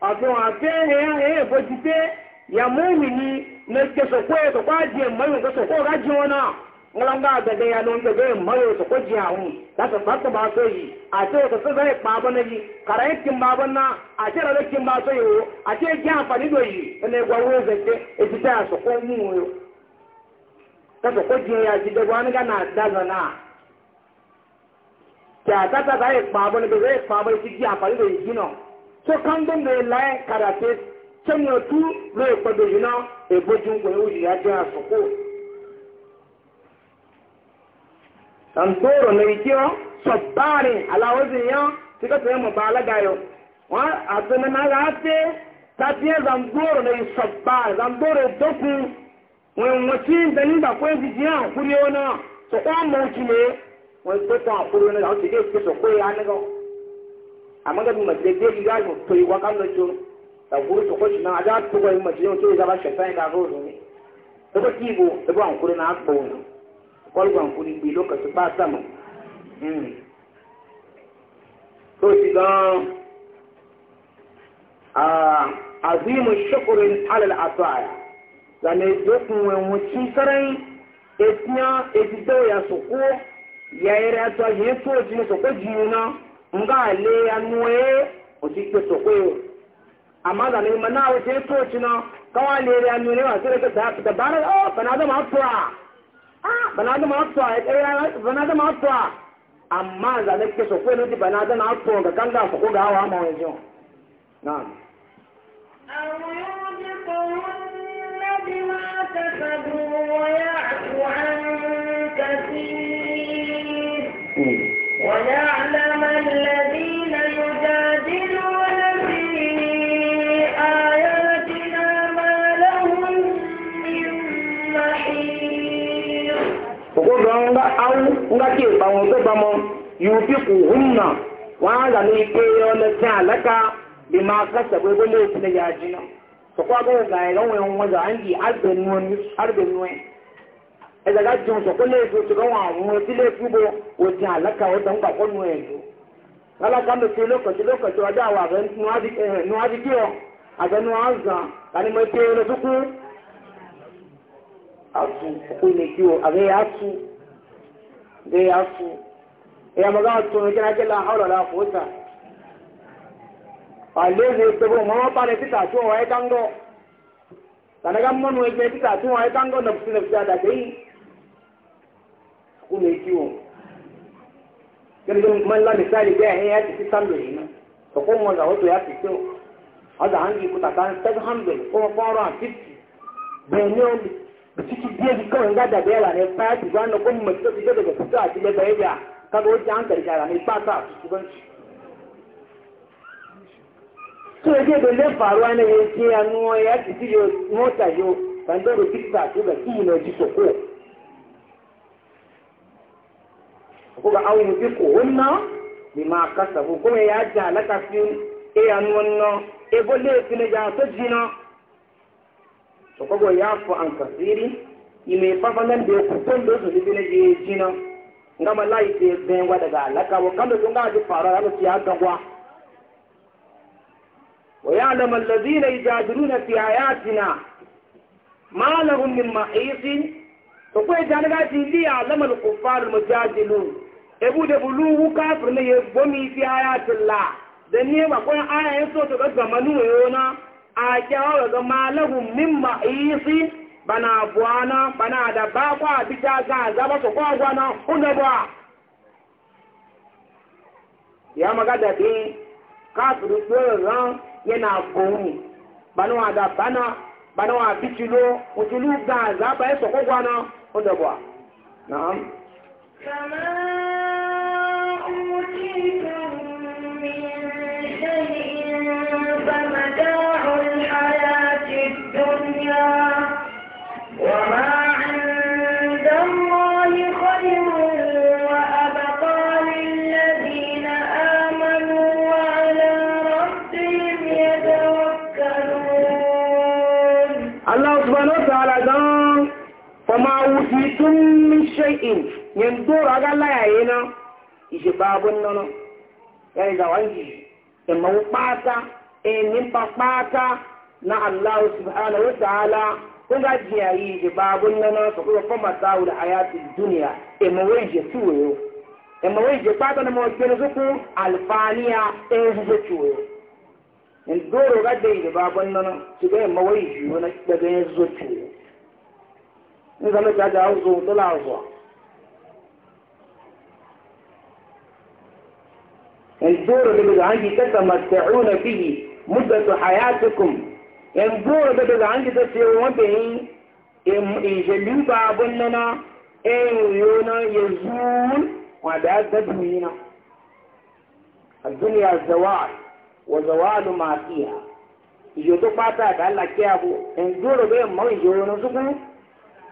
a fi wa ce ya yi fojite ya momini na ke sakwai da kwajiyar mai ga sakwai ŋlɔŋ bá ya ló ń gbɛgbɛ mɔyò tó kó jì àwọn láti pàtó bá tó yìí àti òtò sísè é kpà bọ́n yìí kàrà é kí n bá bọ́n àti ẹ̀rọ ló o àti é àǹfààní lò yìí ẹnì ẹgbẹ́ owó ẹ̀ fẹ́ ètí mú un o láti kó ya jì dẹ́gbẹ́ wọn tantoro na ikiyo sobari alawazi yo tika tuye mubalaga yo wa asana na gate tatiye zamboro na isobari zamboro doku we mwachin da ninda kwe zijiya kuri ona so kwa mwuchi ne we toto akuri ona ya tige kito kwe ya nego amaga bi madege bi ga yo toyi wakan no jo da kuri to kwashi na ada to ga mu jiyo to ya ba shetan da rozo ne to ko kibo da ba akuri na akbo ne kwalban kuri bi lokaci ba sama so shi ga azimu shakurin alal asaya da dokun wani sarai etiya etido ya soko ya yi rato ya yi so ji soko jiyuna nga le ya nuwe oji pe soko yo amma zane mana wace so ci na kawai le ya nuwe ne wasu da dabarar oh kana zama fura banadama atọ a ẹkẹrẹ banadama a amma zane kike so ko ne di banadama atọ ga kan da ko ga wa ma wani jin na'am ويعلم الذين nga ke ba wọn tó ba mọ yòókì kò hùnà wọn á lànà ike ọlẹsẹ àlẹka bí máa kásà pé wọlé òfin yà á jiná sọkọ abẹ́rẹ́ gà ẹ̀rọ wọn wọn zà á ń di àgbẹ̀nu ẹ̀ ẹ̀dá ká jẹun sọkọ lẹ́ẹ̀fọ́ sọkọ wọn àwọn etí lẹ́ẹ̀fọ́ bọ̀ wọ́n ti àlẹka ọ̀dọ̀ ńgbà kọ́ nu ẹ̀ lò alaka mi fi lókòtí lókòtí ọjọ́ àwọn àbẹ̀ nu adìgbé ọ àbẹ̀ nu azàn kàní mo ti ẹ̀rọ tó kú àtù òkú ilé kí o yà á tù. da ya su ya maza su a kina kila haula la a ale ne to bo mo pa ne tita to wa kango sanaga mo no na tita to wa kango na su ne da dai ku ne kiwo kirgin man misali ga ya ci sambe ne to ko mo da wato ya ci to hada hangi kuta kan 700 450 ciki biye bi kawai ga da bela ne ba ki ba na kun mu ta fita daga fita a cikin bai da ka o wajen an karshe ne ba ta su ban shi to yake da ne faruwa ne yake ya nuwa ya ci ci o mota yo ban da fita su ga ki ne ji soko ko ga awin bi ko wannan ni ma kasabu kuma ya jalaka fi e ya nuwa no e bolle fi ne ya so jina sokogo yafu an kasiri ime fafanan da kuton da su bi na je jina ngama lai te bengwa daga alaka wa kando to nga ji fara ala ti aga wa wa ya'lamu alladhina yajadiluna fi ayatina ma lahum min mahisin to ko jana ga ti li ya'lamu al-kuffar mujadilun ebu de bulu kafir ne ye bomi fi ayatillah ni ne ba ko aya so to ga zamanu yona a ọrụ ga malahun min ma'isi bana buwana bana da ba kwa bita ga zaba su kwa gwana hunga ba ya magada bi kafin tsoron ran yana goni bana wa da bana bana wa ga min shay'in yin dora ga layaye na ishe babun nan ya yi zawan ji kpata e in na Allah subhanahu wa ta'ala kun ga jiya yi ishe babun nan su kuma fama sa'u da na zuku e dora e ga ga nígbà mẹ́ta jà ń zo tó láàzọ̀ ẹ̀dúró bẹ̀rẹ̀ gà ń yí tẹ́tà màtẹ̀hún náà fi yìí múdẹ̀tù hayatikum ẹ̀dúró bẹ̀rẹ̀ gà ń yí tẹ́tà wọ́n bẹ̀ yín ìṣèlú bá a bọ́ nínú ẹ̀yìn yóò náà yẹ zúún wọn àbẹ̀ àgbẹ̀dù yìí náà. الدنيا الزوال وزوال ما فيها يجو تو باتا دالا كيابو ان جورو بي مو يجو نسكو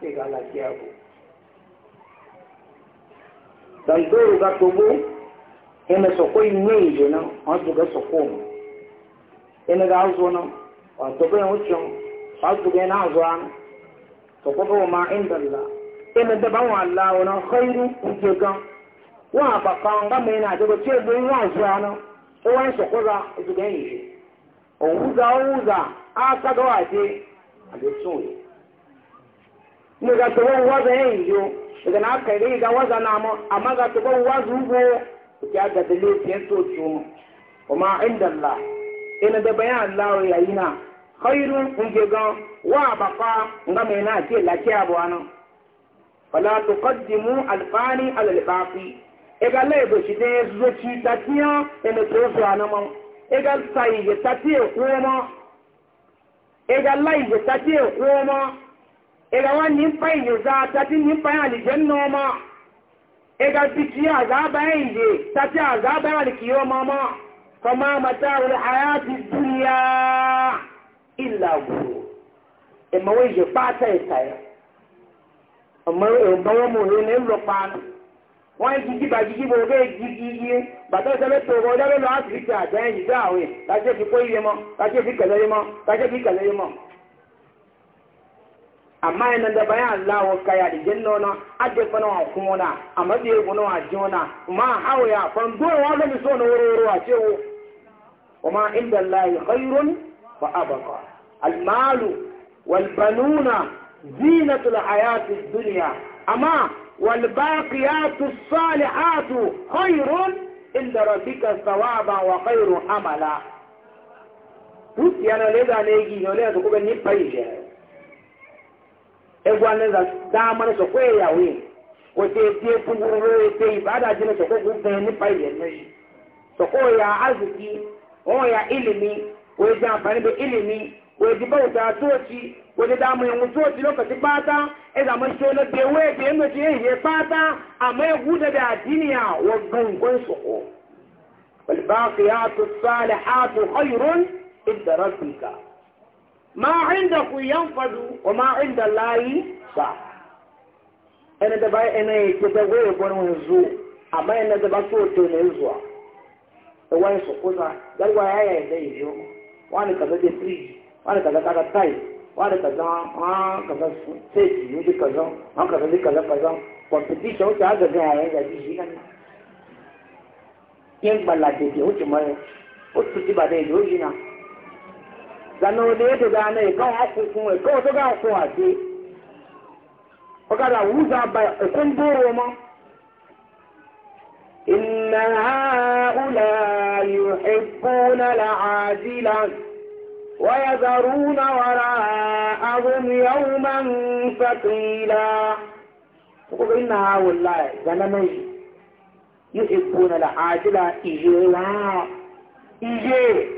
ìgbà láti àbò. Gbàgbóòrò ga tobo ẹnẹ sọ̀kọ́ inú ìlú náà, wọ́n tó ga azọ náà, wọ́n tó gẹ́ ń tiọ́, wọ́n tó gẹ́ náà azọ àná. Sọ̀kọ́ bá wọn máa ń dàlá. Ẹnẹ dábàá wọn àlá wọn gan. Wọ́n àbàkà wọn gbàmọ̀ yẹn náà àjẹgbẹ́ tí ègbè ne ga tuban waza yin yo daga na aka yi ga waza na mu amma ga tuban waza ugo ya ga dalilin ya toci mu kuma inda la ina da bayan Allah ya yi na khairun unge ga wa bafa nga mai na ce lake abu anan fala tuqaddimu alfani ala albafi ega le bo shi ne zuci tatiya ene to so anamo ega sai ye tatiya ko mo ega lai ye tatiya ko mo ega wa nimpa ile za tati nimpa ya alijanna ma ega biki azaba ile tati azaba alikiyoma ma kama mata'ul hayati dunya illa ghurur e ma weje pata etaya amma e bawo mo ne ne lo pa wọ́n gigi bá gigi bó gé gigi yé bàtà ìsẹ́lẹ̀ tó ọgbọ́n ọjọ́ lọ́wọ́ àfíríkà àjẹ́yìn ìgbà àwẹ̀ láti fi kó iye mọ́ láti fi kẹlẹ́ yé mọ́ láti fi kẹlẹ́ yé mọ́. amma yana da bayan Allah wa kaya da jinno na aje fana wa kuma na amma da wa na wajo ma hawo ya fan wa ga so na wuri a ce wo kuma inda Allah khairun wa abqa al malu wal banuna zinatul hayati dunya amma wal baqiyatu salihatu khairun inda rabbika thawaba wa khairu amala Duk yana leda ne gi yole da kuma ni fayyana egwu neza dama na sokwe ya we wote tie punguru wote ibada jina sokwe kupe ni pa ile sokwe ya arziki o ya ilimi ji amfani da ilimi ji weje bauta toci weje dama yin toci lokaci bata e da mun shono de we de no je ye amma ya guda والباقيات الصالحات خير عند ربك ma inda ku yanfadu wa ma inda layi sa ene da bai ene ke da goye gwan wanzu amma ene da ba so to ne zuwa da wani su kuza garwa ya yi da yi yo wani kaza da friji wani kaza kaza tai wani kaza a kaza sai yi da kaza an kaza da kaza kaza competition ta ga ga ya ga ji kan yin balla da ke wuce mai wuce ba da yi yo na لانه ليت داني كاي اكو كو تو كا سو اكي وكذا وزا با اكون بورو ما ان هؤلاء يحبون العاجلا ويذرون وراءهم يوما ثقيلا وكذا ان هؤلاء جنمي يحبون العاجلا إيه إيه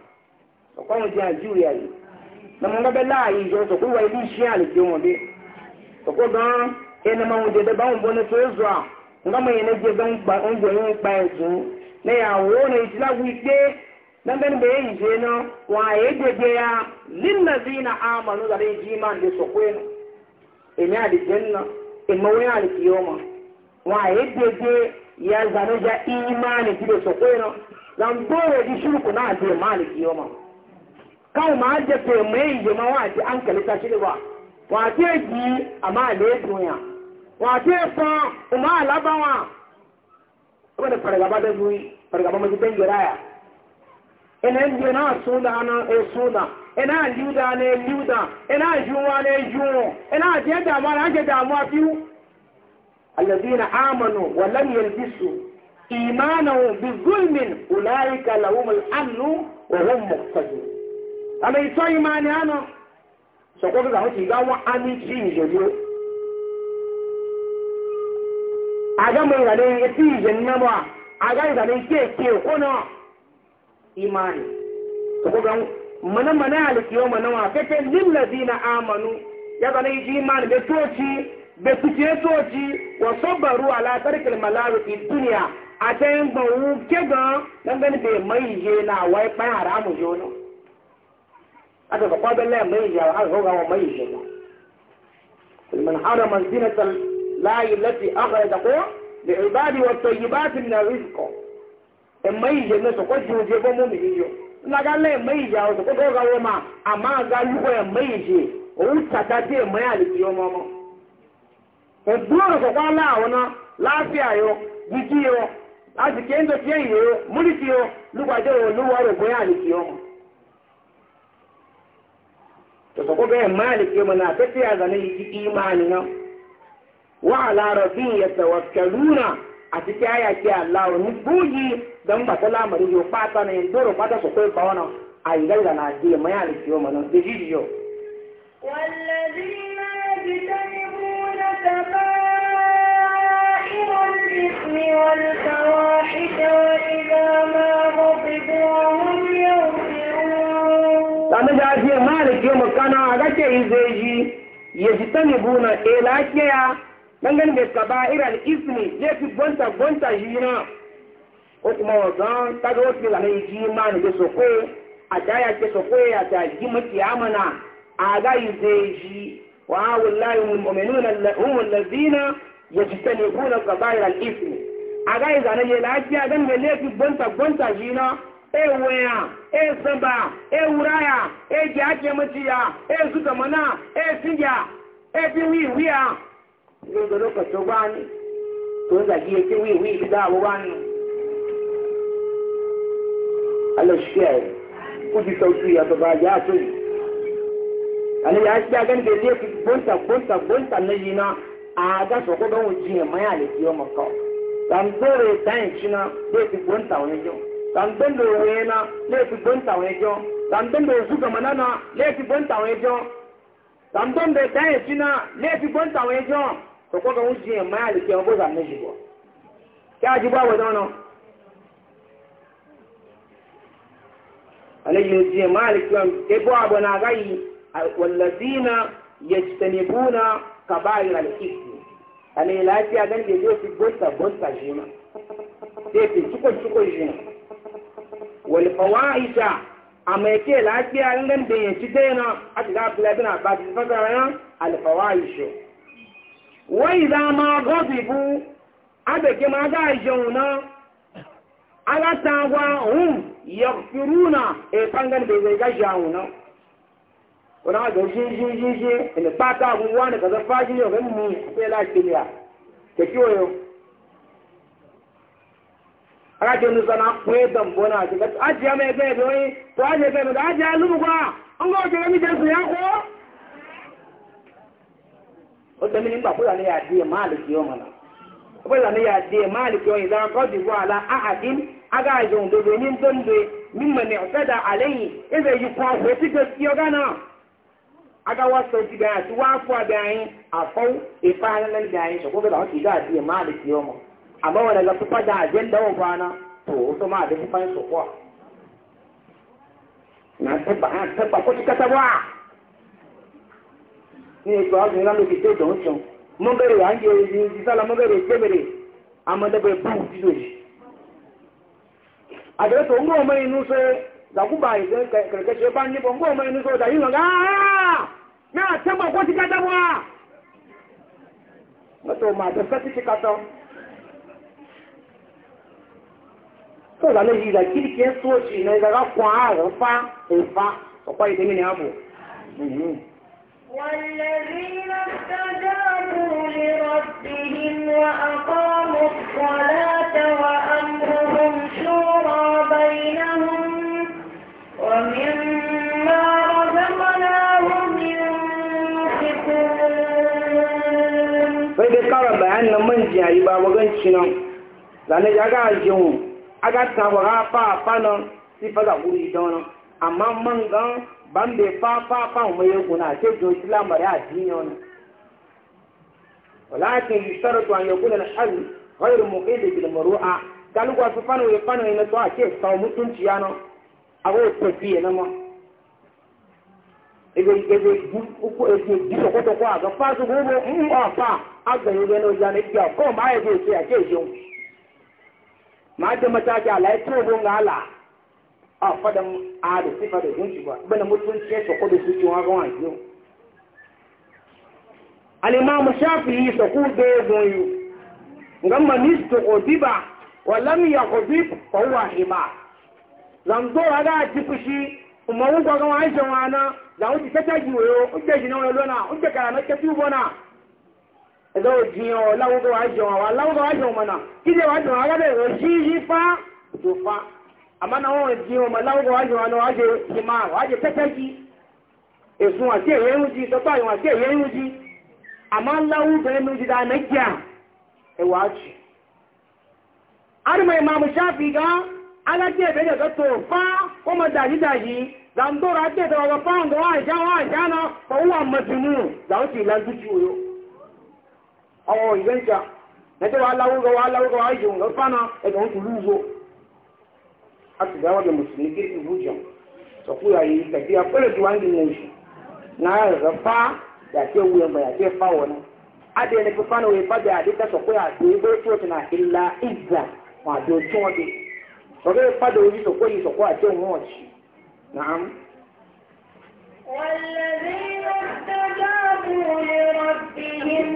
ọ̀pọ̀lọpọ̀ jẹ́ àjíwì àyè na mo gbẹ́ láàyè ìjọ sọ̀kú wa ibi iṣẹ́ àlèkè wọn dé sọ̀kú gan ẹni máa ń jẹ a ń bọ́ tó zọ à nga mo yẹn na gan gba ikpe yẹn gba ndị ní ìyàwó ní ìtura ya lílẹ̀ sí iná àmà ló dàbí jí máa lè sọ̀kú ẹ̀ èmi ya zanújà ìyí máa lè ti lè sọ̀kú ẹ̀ kan ma da fe mai jima wa ti an kalita shi ba wa ti ji amma le dunya wa ti fa kuma labawa ko da fargaba da zuwi fargaba mu jidan giraya ina ji na suna na e suna ina eh, liuda ne liuda ina juwa ne juwo ina je da ma na je da ma fiu alladhina amanu wa lam yalbisu imanahum bi zulmin ulaika lahumul amnu wa hum muhtadun ama itɔ yi maa ni ano sɔkɔtɔ la wɔn ti ga wɔn ani ti nzɔyɔ aga mo nga ne eti nzɛ nnam a aga nga ne eti eti ko na imani sɔkɔtɔ mana mana alikiyo mana wa pete lillazi na amanu yaba ne yi imani bɛ toci bɛ kutiye toci wa baru ala tarikil malawi fi duniya a tɛ n gbɔn wu kye gan gangan bɛ mayi je na wa ye kpɛ haramu jono. هذا فقاد الله ما يجي على هذا هو ما يجي من حرم زينة الله التي أخرج قوة لعبادي والطيبات من الرزق ما يجي الناس قد يجيب مؤمن يجي لا قال لا ما يجي على هذا هو ما أما قال هو ما يجي هو تتاتي ما يجي يوم ما الدور فقال لا هنا لا فيها يو جيكي يو أذكي أنت فيه يو ملكي يو لقد جاءوا لوارو بياني يوم تسوكو جاي مالك يمناتكي أغني وعلى رفين يتوكلون أتكي كي الله ونبوجي دم بطلا مريجو فاتنا يندورو فاتا سوكو يبقونا أي غير أنا جاي يمنا تجيجيو والذين يجتنبون كبائر الإثم والفواحش وإذا ما مضي sami da ajiye malik ya makana a gake yi zai ji ya ji ta nibuna e eh, lafiya dan gani da kaba iran ismi ya fi gwanta gwanta shi na ko kuma wazan kaga wasu da mai ji ma ne so ko a daya ke so ko a ta ji maki amana a ga yi zai ji wa wallahi mu'minuna hum allazina yajtanibuna kaba'ir al-ismi a ga yi zanen ya lafiya ya ne fi gwanta gwanta shi na ewe e, ya esaba ewura ya eji ajemaci ya ezuga mana esi ya ebi wiwi ya lóòdò lókàtí ọgbà ni tó ń zàgí etí wiwi ìgbà àwòrán ni alẹ́ṣẹ́ ẹ̀ kó ti sọ sí ìyàtọ̀ bá yá tó yìí alẹ́ yà á ṣe agẹ́nìkẹ́ ilé aga gbóǹtà gbóǹtà gbóǹtà lẹ́yìn náà àádásọ̀ kó zandendo wena lefi bonta wejo zandendo zuga manana lefi bonta wejo zandendo daye jina lefi bonta wejo to ko ga wuji e mali ke obo zanne jibo ka ji ba wa dono alayhi ji mali ke bo abo na gai wallazina yajtanibuna kaba'ir al-ithm alayhi lafiya gan ke zo fi bonta bonta jima sai fi cikon cikon jina والفواحش أما يكي لا يكي أنهم بيشتين أتلا بلابنا بعد الفترة الفواحش وإذا ما غضبوا أبكي ما دايجونا على تاوى هم يغفرون إيقانغان بيزيغا جاونا wọ́n á jọ ṣí ṣí ṣí ṣí ẹ̀lẹ́pàá táàbù wọ́n á nìkan tó fájú ní ọ̀rẹ́ mi ṣe láti lè à kẹ̀kí òyìn aka ke nusa na kwe dambo na shiga aji ebe bai bai wani to ajiya bai bai ajiya lumugwa an ga wajen gami jinsu ya ko wata mini ba kula ne ya diya maliki yau mana kula ne ya dị ka ala ahadin aga ajiyar dogo yin da alayi izai yi kwakwa ti gaskiya gana aga amma wani ga tufa da ajiyar dawon kwana to wasu ma da tufan su kuwa na taba a taba ko ti kasa wa ni e gba ni lamu ki te don chon mo bere wa nge ni ti sala mo bere je amma da be bu ti do ji adere to ngo mo inu da ku ba ise ke ke se ba ni bo ngo mo inu so na taba ko ti kasa wa ma da sa ti kasa so da na yi da kirke soci na daga kwa rufa rufa akwai da mini abu والذين استجابوا لربهم وأقاموا الصلاة وأمرهم شورى بينهم ومما رزقناهم ينفقون. فإذا قال بأن من جاء يبقى وغنشنا لأن جاء جاء aga tawa ga fa fa no si fa ga wuri don amma man ga ban be fa fa fa mu ye kuna ce do islam ya diniyon walakin yustaratu an yakuna al-hal ghayr muqid bil maru'a kalu kwa fa no ye fa mm, ah, no ina to a ce sa mutunci yana awo na ebe ebe ga fa su go mo mu ye ya ne ya ko ma ye ce ya ce ma da mataki ala ya tobo ga ala a fadan a da sifa da gunci ba bane mutunci ya sako da su cewa ga wani alimamu shafi yi sako da ya zoyi gamma nisto obiba walam ya obib kowa ba zanzo a ga ji fushi umaru gwagon aishan wana za wuce ta tagi wayo ujjaji na wani lona na ẹ̀dọ́ òjìyàn ọ̀láwọ́dọ́ wá jẹun àwọn aláwọ́dọ́ wá mọ̀nà kí lè wá jẹun arábẹ̀ ẹ̀rọ yíyí fá tó fá àmọ́ náà wọ́n jẹun ọmọ aláwọ́dọ́ wá jẹun tẹ́tẹ́ jí èsùn àti èyẹ ń jí tọ́tọ́ àyùn àti èyẹ ń jí àmọ́ ẹnu jí jù àwọn ìgbẹ́ǹkà ẹjọ́ wa láwúrọ wa láwúrọ wa yìí lọ fánà ẹ̀dọ̀ ń a ti dáwọ́ bẹ mùsùlùmí gíríkì ayé náà rẹ̀ fá yàtí ewu yàtí adé ẹni náà wọ́n àti tí ó ti ìgbà wọn àti ojú wọn yìí àti náà.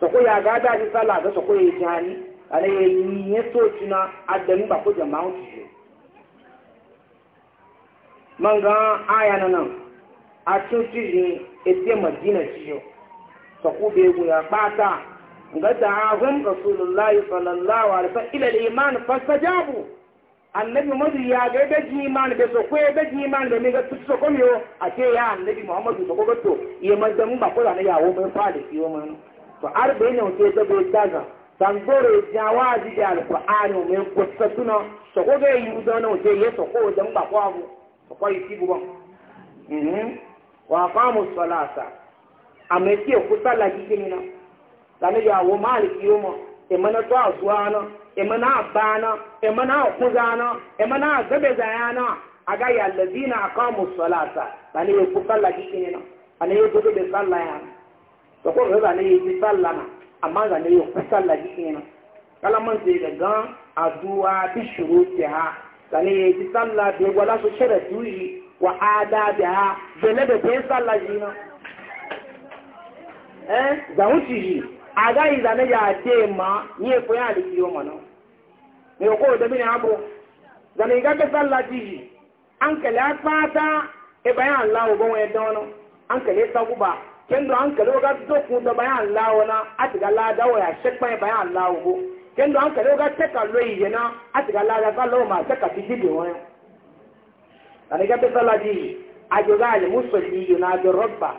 soko ya ga da ji sallah ga soko ya ji ala ya yi ya so tuna adamu ba ko jama'u ji man ga aya na nan a tun ci ji ete madina ci yo soko be go ya bata ga da hum rasulullahi sallallahu alaihi wasallam ila al-iman fastajabu annabi muhammadu ya ga da jiman da soko ya da jiman da me ga su soko miyo a ce ya annabi muhammadu soko ga to ya manzan ba ko da na yawo mai fa da ciwo mana to arba'in wuce ta bai daga sangoro jawa ji da alfa'ani mai kusa tuna so ko ga yi da wani wuce ya so ko dan ba ko abu so ko yi tibu ba mhm. wa qamu salata ameki kusa la gikin na kana ya wo maliki yoma e mana to azuana e mana abana e mana kuzana e mana zabe zayana aga ya allazina aqamu salata kana ya kusa la gikin na kana ya gobe da sallah yana na ko ga ti yi sallah na amma ga yi ku sallah ji kenan na sai ga gan addu'a bi shurutiha ga ne yi sallah bi wala su sharatu yi wa adabiha da ne da bai sallah ji na eh ga wuci ji zane ya ce ma ni ya da mana ne ko da bi ji an e an saguba kendo hankali waga doku da bayan lawo na a tiga lada wa ya shekpa bayan lawo bo kendo hankali waga teka loyi je na a tiga lada ka lawo ma teka ti didi wani tani ga bi salaji a joga ali musulmi yuna bi robba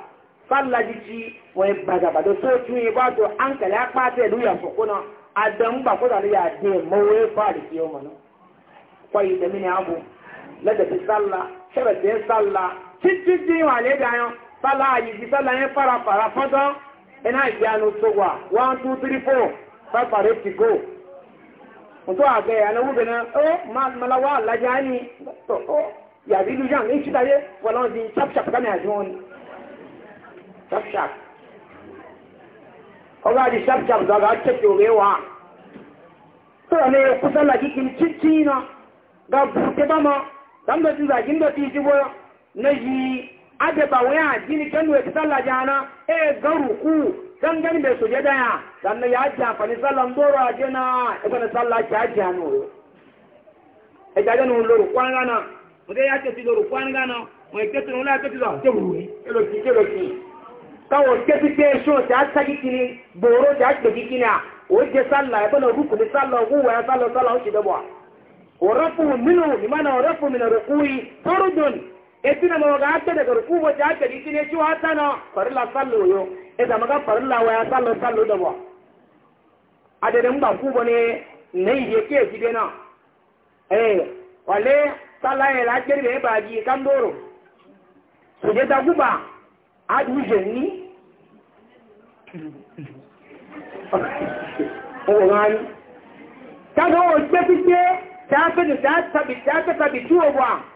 salaji ci wani bagaba da so tun yi ba to hankali a kpata ya duya so kuna a dan ba ko da ya de mawai fari ki Kwa mana kwayi da mini abu ladabi Sala, sharadin sallah cikin jiwa ne da yau sálà àyíjí sálà yẹn farafara fọ́dọ́ iná ìyanu tó wà one two three four fáfàrẹ́ ti go òtó àgbẹ̀ ànáwó bẹ̀rẹ̀ ó malawa alájà ni ó yàrá ìlú yàn ní ìṣúdáyé wọlé wọn di chapchap kámi àjọ wọn ni chapchap ọba di chapchap dọ̀gá chẹ́kì òwe wa sọ̀rọ̀ ní kúta làjí kìí títí náà ga bùkẹ́ bá mọ́ dáńdọ̀tí làjí ń dọ̀tí ìdíwọ́ náà yìí adaba waya addini kan wai sallah jana e garuku kan gani da sujada ya sannan ya ji amfani sallan doro a jina ibn sallah ya ji hanu e ga gani loro kwan gana mutai ya ce loro kwan gana mai ketu nula ketu da ke wuri elo ki ke ki kawo ketu ke so ta sagi kini boro ta ke kini a oje sallah ibn ruku ni sallah ku wa sallah sallah shi da etina ma ga ta daga ruku ba ta ta diti ne ci wata na farilla sallo yo e da maga farilla waya ya sallo sallo da ba adadin ba ku bane ne ye ke ji bena eh wale sala ya e la kirbe ba ji kan doro su je da guba adu jenni o ngani ta do o je ti ta ta ta ta ta ta ta ta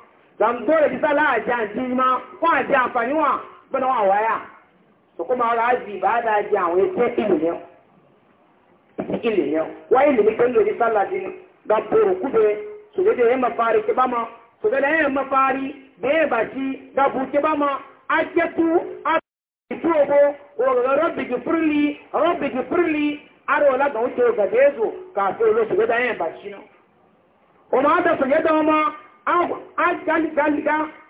zan dole ki sala a ji anti ma ko a ji amfani wa bana wa waya to kuma wala aji ba da ji an wai sai ilimi ilimi wa ilimi kan do ji sala din da buru kube su da yamma fari ke ba ma su da yamma fari be ba ji da bu ke ba ma ajatu a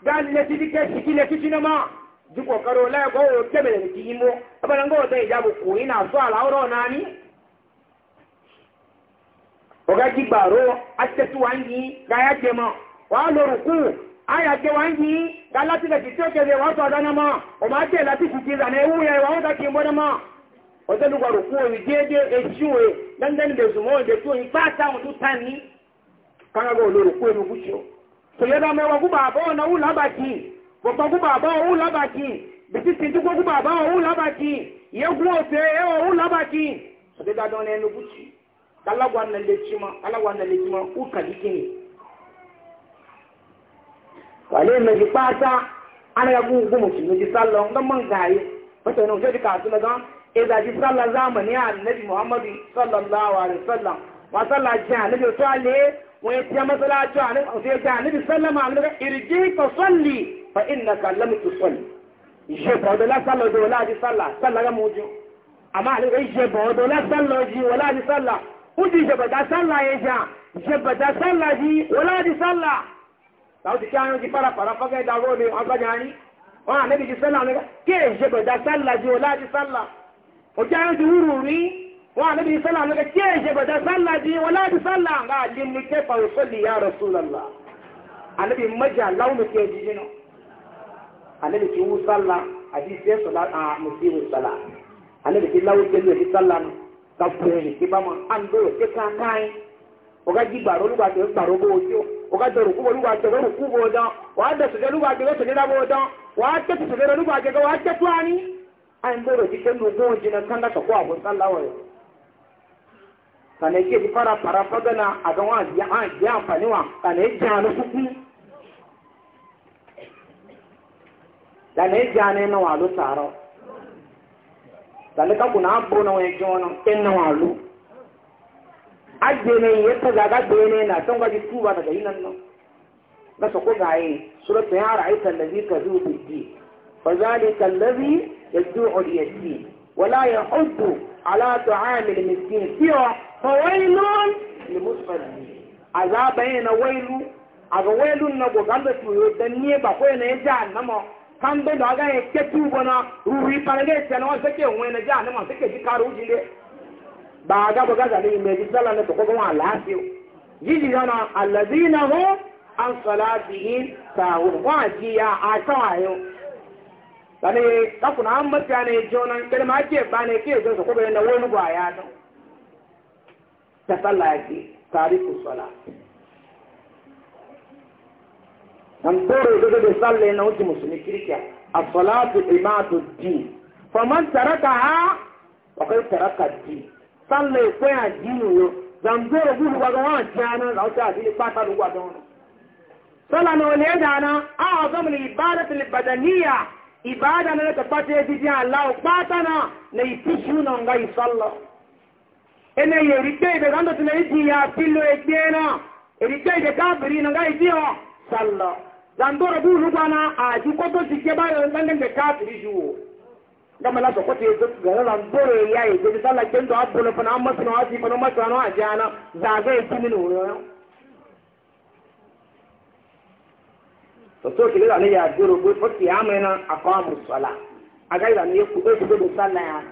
galile titike sikile titinama ji kokaro la go o kemele ni kimo abana ngo da ijabu ko ina so ala oro nani oga jigbaro atetu wangi gaya jema wa lo ruku aya je wangi galati da titoke de wa so dana ma o ma je lati titiza na ewu ya wa da kimbo na ma o te lu gwa ruku o jeje ejuwe dandan de zumo de tu ipata e, on tu tani kanga go lo ruku e mu kucho kò yẹ dáa mẹ́wàá gúbà àbọ̀ ọ̀nà òun lábàkì gbogbo gúbà àbọ̀ òun lábàkì bìtí ti dúgbò gúbà àbọ̀ òun lábàkì yẹ́gùn òfin ẹ̀ òun lábàkì sọdẹ́dàdán ẹnu bùtì kálàwà nà lè tì mọ́ kálàwà nà lè tì mọ́ ó kàdí kí ni. wàlẹ́ ìmẹ̀jì pátá anáyàgùn gbùmù sí méjì sálọ sallallahu alayhi sallam wà sálà jẹ́ ànẹ́bì wọ́n ti masalaju anan o sai ga nabi sallama anan irji ka salli fa innaka lam tusalli je ba do la sallo do la di salla salla ga muju amma anan je ba do la sallo ji wala di salla uji je ba da salla ye ja je ba da salla ji wala di salla ta uji kan ji para para fa ga da go ni aga jani wa anan ji salla anan ke je ba da wọn àlebi sálà lókè tí èyí ṣe bàtà sálà di wọn láti sálà nga àlè mi kẹ fà òṣèlú ya rasulala àlebi mẹjà láwọn mi kẹ jíjìn nọ àlebi tí wú sálà àti ìṣe sọlá à mùsí wù sálà àlebi tí láwọn jẹ lóye sálà nù ka fèrè kí bá ma à ń bẹ̀rẹ̀ kí ká ká yín o ka jí gbàrú olúwa tẹ gbàrú bó o tí o o ka dọ̀rù kúbọ̀ olúwa tẹ gbẹ̀rù kú bó o dán wà á dẹ̀sọ̀dẹ̀ olúwa tẹ gbẹ̀sọ̀dẹ̀ dá kana ke ji fara fara fagana a ga wa ji an ji amfani wa kana yake jana kuku kana yake jana na walu tsaro dalika kuna abu na wani jona in na walu ajiyar yi yadda zaga ne na can gwaji tuba daga yinan nan nan na sako gaye suratun yara aikan da zika zuwa biddi فذلك الذي يدعو اليتيم ولا يحض ala ta'amil miskin سوى fawailun limusfalli azaba yana wailu aga wailun na go ganda tuyo dan nie ba ko yana ja nama kan be da ga yake tu bona ruwi parage na wa sake na ja nama sake ji karu jinde ba ga ba ga da me ji na ko kuma lafiyo yiji yana allazina hu an salatihim sahun wa ji ya atawayo dane kakuna amma a jona kelma na kasalaki tariku sala ntoro dodo de salle na uti musulmi kirkiya as-salatu imadu din faman taraka ha wa kai taraka din salle ko ya dinu yo zamboro gudu wa ga wan tiana na uta dili pata du gwadon sala no le dana a azam li ibadatu li badaniya ibada na ka pate di Allah pata ene yerike ibe gando tuna iti ya pilo ekiena erike ibe kabiri na ngai dio salla zandoro bu lugwana aji koto tike bayo ndange nge kabiri juo ngama la so kote ezo gara zandoro ya ezo salla kendo abolo pana amma sino aji pana amma sino ajana zage etini no yo to so kile ale ya doro bu foti amena aqamu sala aga ila ni ku ezo do salla ya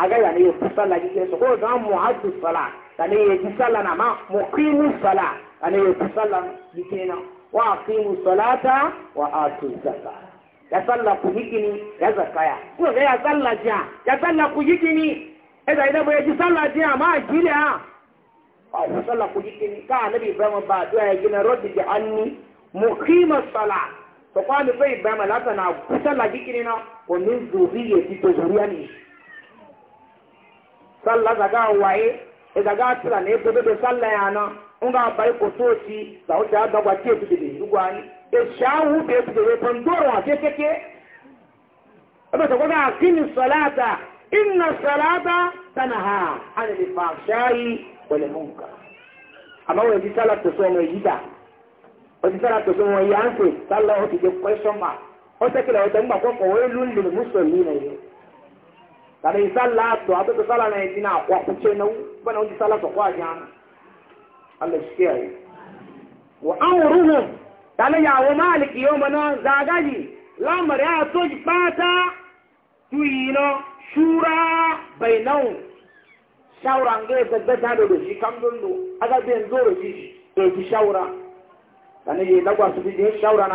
aga ya ne ku sala ji so ko da mu hadu sala da ne ji sala na ma muqimu sala da ne ku sala ji kenan wa aqimu salata wa atu zakat ya salla ku yikini ya zakaya ko ga ya salla ja ya salla ku yikini e da idan bai ji salla ja ma jile ha wa ku salla ku yikini ka annabi ibrahim ba du'a ya gina rabbi bi anni muqima sala to kwa mi bai ibrahim la ta na ku salla yikini na wa min zuriyati to zuriyani sallah zaga waye e zaga tira ne e bebe sallah yana nga bai ko soci da wata da gwa ke bi de ugwani e shawu be bi de pandoro ake keke aba e to ga akini salata inna salata tanaha an al fahsha'i wal munkar ama we di sala to so mo yida o di sala to so mo yanse o ti de question mark o te o te ngba ko ko tàbí ìsálà àtọ̀ àtọ̀tọ̀ sálà náà ẹ̀dín àkọ́ àkúchẹ́ náà bọ́n náà ó ti sálà sọ̀kọ́ àjá alẹ́ ṣe àyè wọ́n àwọn òrùhùn tàbí ìyàwó máàlìkì yóò mọ̀ náà zàgáyì lámàrẹ́ àtọ́jì pátá tú yìí náà ṣúra bẹ̀ẹ̀ ṣàwùrà ń gé ẹgbẹ́ dáadọ̀ sí kámdóńdó agábẹ́ ń zóró sí èkú ṣàwùrà tàbí ìyè lágbà sódìdì ṣàwùrà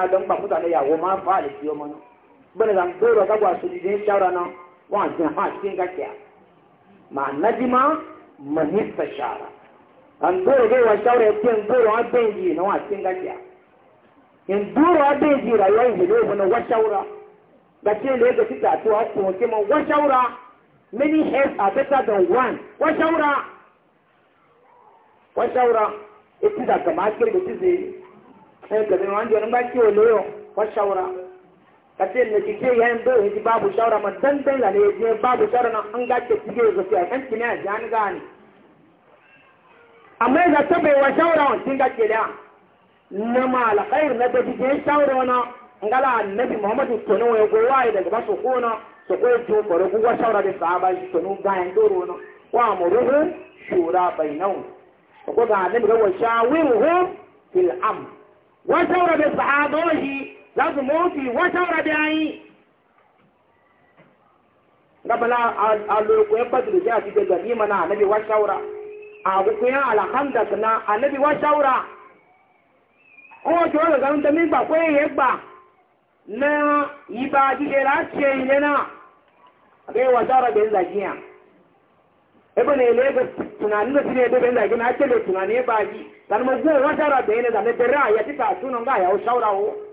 náà wa jaha ce ga kya ma najima ma shara an dole dai wa shawara yake an dole wa benji na wa ce ga kya in dole wa benji rayuwar a many heads are better than one wa shawara wa da kamar kirbi tizi sai ga ne wanda kace ne kike yan do hiji babu shawara ma dan dan la ne je babu shawara na an ga ke kike zo sai kan kina jan gani amma da ta bai wa shawara on tin ga kila na ma al khair na da je shawara na ngala annabi muhammadu tono ya go wa da ba su na su ko to ko ru wa shawara da sahaba shi tono ga yan doro na wa muruhu shura bainau ko ga annabi ga wa hu fil am wa shawara da sahaba shi láti mọ́ọ̀tì wọ́n sára bí ayín gabala alurukun yan batu da ya fi gaza ni mana annabi wa shawara a hukun yan alhamda sana annabi wa shawara ko to ga ganin da min ba ko ye ba na yi ba ji era ce ne na abai wa shawara da zakiya ebe ne ne ga tunanin da shine da ben zakiya na ce da tunani ba ji dan mu wa shawara da ne da ne da ra ya tika sunan ga ya shawara ho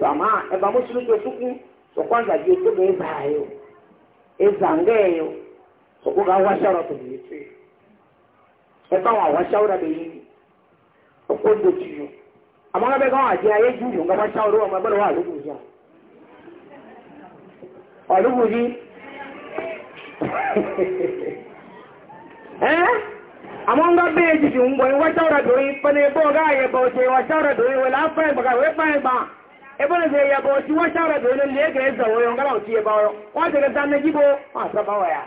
to amma e ba musulmi to suku so kwanza je to be zayo e zangeyo so ko ga wa shara to wa wa shawara be yi o ko do ci wa je aye ju nga ga wa shawara wa ma bar wa lu ku ja wa lu ku ji eh amma nga be ji ji un boy wa shawara do yi fa ne bo ga ye bo je wa shawara do yi wala fa ba ga we fa ebole zai yabo shi wa shara da wani ne ga yadda wayo ngala uti ya bawo wa daga dan na gibo ma sa bawo ya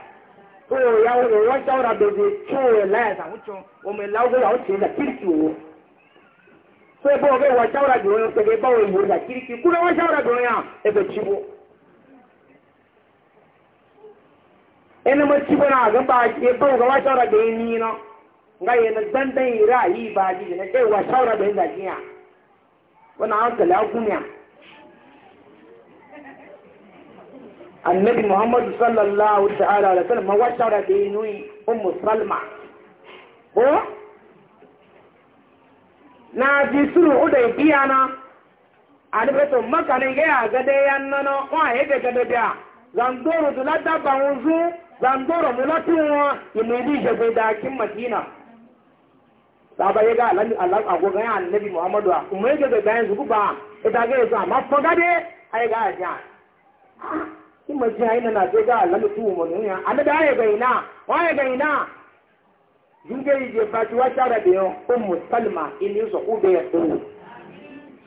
to ya wa shara da zai to la ya o lawo ya da kirki so ga e wa shara da wani sai bawo yi da kirki kuma wa shara da wani e, e ma na ga ba ke ga wa shara da e ni ga yana dan dan ira yi ba ji ne ke wa shara da yin da an wannan hankali annabi muhammadu sallallahu ta'ala da wasallam ma washara da yi ummu salma ko na ji suru uda biya na alibeto maka ne ga ga ya yan nono wa yi ga da da zandoro dula da banzu zandoro mulatin wa yimidi je ga da kin matina saba ya ga alamu alamu a gogon annabi muhammadu a kuma ya ga ga bayan zubu ba ita ga yanzu amma fagade ai ga ajiya tí mo jẹ́ àyínà náà dégbà lọ́lọ́tú wọn nù yàn àmì náà wọ́n ayẹ̀gẹ̀ yìí náà dúdé yìí jẹ́ bàtí wá ṣára dè yàn ó mú sálìmà ilé sọ̀kú bẹ́ẹ̀ tó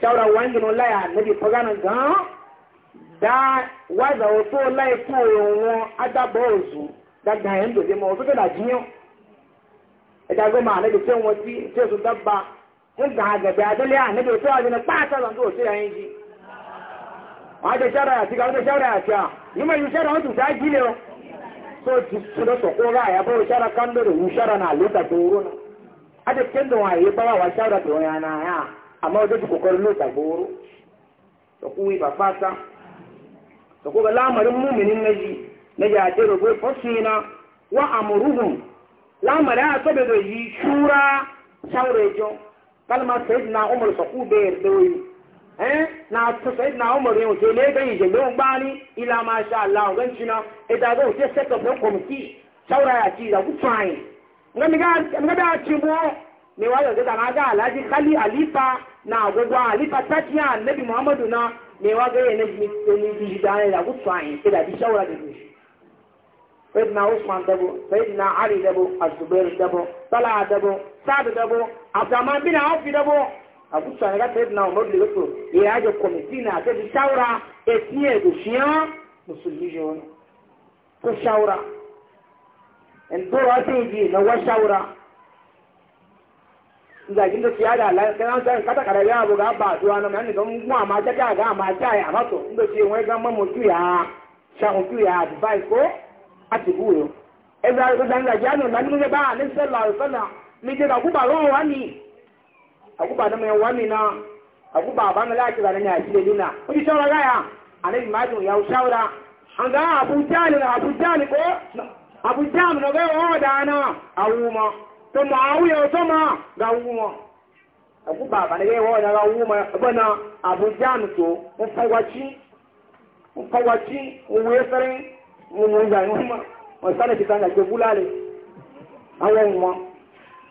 ṣára wọn yìí láyà níbi pọ́gánà gan dá wáza òtó láì kú òun adábọ̀ òzù dàgbà yẹn dòde mọ́ òtó tẹ̀lá jíyàn ẹ̀dá gbọ́mọ ànábi tẹ́ wọn tí tó ń á nima yushara watu daji o. so tudo sokola ya bo Shara kando yushara na luta doro ade kendo wa yeba wa yushara to yana ya amma wajen su kokarin luta doro to ba fata to ko lamarin muminin na naji a jero go fosina wa amruhum lamara ya tobe do yi shura shaurejo kalma eh na tsaye na umar yau sai ne bai je don bani ila ma sha Allah gan cina idan zo sai saka ban komiti saura ya ci da kutsai ngam ga ngam da ci mu ne wa yau da na ga alaji khali alifa na agogo alifa tatiya annabi muhammadu na ne wa ga ne ni bi da ne da kutsai sai da saura da shi سيدنا عثمان دبو سيدنا علي دبو الزبير دبو طلحه دبو سعد دبو عبد الرحمن بن عوف دبو abu sahara ta yadda umar da wato ya yaje kwamiti na ta ji shawara ya tiye da shi ya musulmi shi wani ko shawara wa na wa shawara zagin da siya da ya na ya na akuba na mai wani na akuba ba na laki ba na ne a cikin nuna kuji shawara gaya annabi majin ya shawara an ga abu jali na abu jali ko abu jali na gaya wa da na awuma to ma awuya to ma ga awuma akuba ba na gaya wa da ga awuma bana abu jali to mun fawaci mun fawaci mun wesarin mun mun ga mun ma wannan ta kan ga bulale awon mu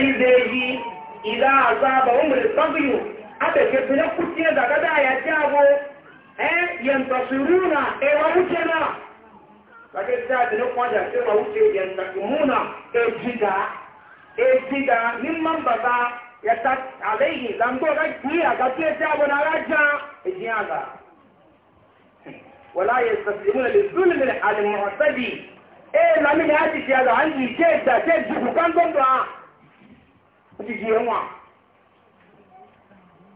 yi zai yi idan azaba wa mulki sabiyu aka ke fi na kuci na daga da ya jago eh yanta suruna eh wa wuce na kage ta da na kwaja ce ma wuce yanta kumuna eh jida eh jida mimman baba ya ta alaihi zango ga kiya ga ke jago na raja jíjí wọn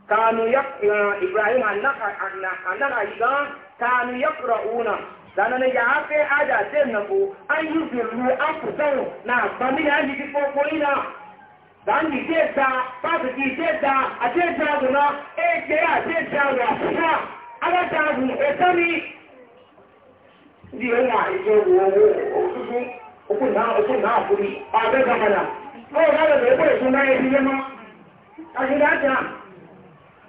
kanu ya ibrahim annaka yi kanu ya una ya hafe aja na ko an yi birru an na ya yi ji ina na dan yi ta ba su ki ta a ce na guna e ce ya ce da ga fita ala ije na kawai na da zai bai suna ya fi zama a shi dace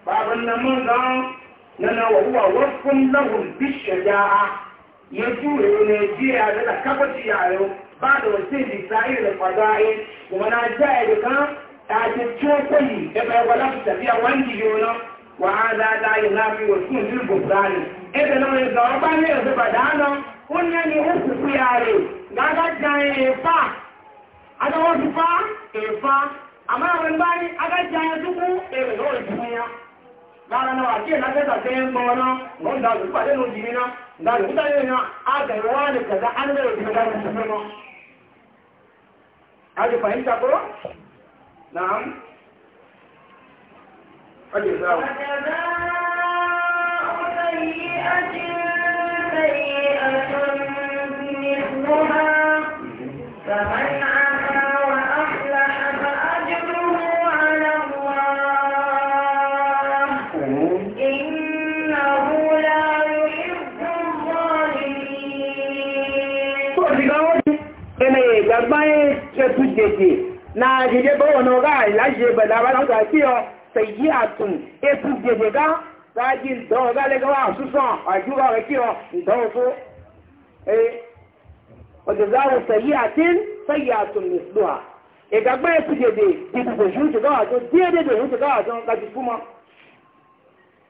baban na mun zan na na wawuwa wasu lahun bishiyar ja'a ya jure ne jiya da kabaci yayo ba da wasu lisa'ir da fada'i kuma na jaya da kan ta ce cokoyi da bai wala su tafiya wani yona wa hada la yunafi wa sun lil bukrani idan na mai zawaba ne yanzu ba da hana kunna ne uku kuyare gaga jaye fa adáwọ́ ti fa èèfà àmọ́ àwọn ẹgbẹ́ ní agájá ẹyẹ tó kú èrè náà ìfún ya lára náà àti ìlàkẹ́ta tẹ́ ń gbọ́n náà wọ́n dá òkú pàdé lójì nínú dá òkú سيئة سيئة مثلها فمن يعلمون bọ́wọ̀ náà rá ìlàjẹ bẹ̀lá bá láwọ́ta sí ọ tẹ̀yí àtùn ètù jẹjẹ gá rájí ìdánwò gá àṣúsàn àjúwà rẹ̀ kí ọ ìdánwò tó. Ọjọ̀dáwò tẹ̀yí àtín tẹ̀yí àtùn nìsúwà. Ìgbàgbá ètù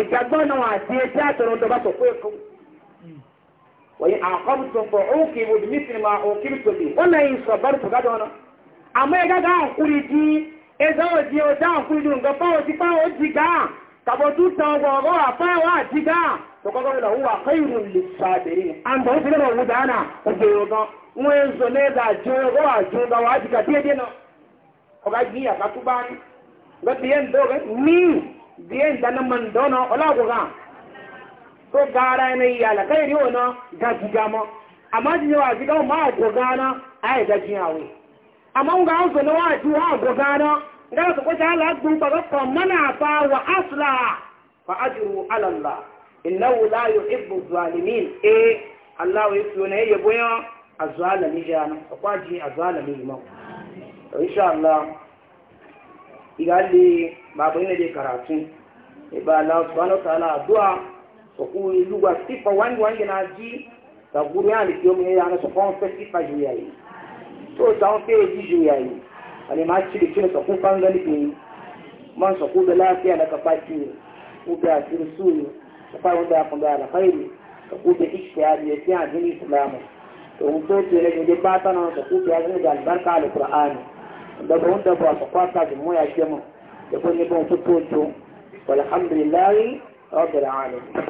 ìgbàgbọ́ náà àti ẹjẹ́ àtọ̀rọ̀ ọ̀dọ̀ bá sọ pé fún wọ́n àkọ́bùtò fún òkè ìbòdì mísìlì máa òkè ìtòlì wọ́n náà yìí sọ bọ́ọ̀lù fòkádà ọ̀nà àmọ́ ẹ̀gá gá di di nǹkan fáwọn ti fáwọn gá tan àfáwọn gá ìlà biye dana man dono ola ko ga so gara ne ya la kai riwo no ga gigamo amma ji wa ji ga ma ko ga na ai ga jin awe amma un ga so no wa ji wa ko ga na ga so ko ta la du ba ko mana fa wa asla fa ajru ala allah innahu la yuhibbu zalimin eh allah yasu ne yabo ya azalimi jana ko ji azalimi insha allah igalle babu yana da karatu ba Allah subhanahu wa ta'ala addu'a so ku lugwa sifa wangi wangi na ji ta guru ya ni kiyo ya na so kon fe sifa ju ya yi so ta on fe ji ju ya yi ale ma ci de kino so ku panga ni ki man so ku da lafiya da kafaci ku da sirsu ku fa wanda ku da alkhairi ka ku da ishtiyadi ya tiya din islamu to to ne ne ba ta na so ku ya ne da albarka daga wanda ba su kwata da mu ya shi mu da kun yi ban fito to walhamdulillahi rabbil alamin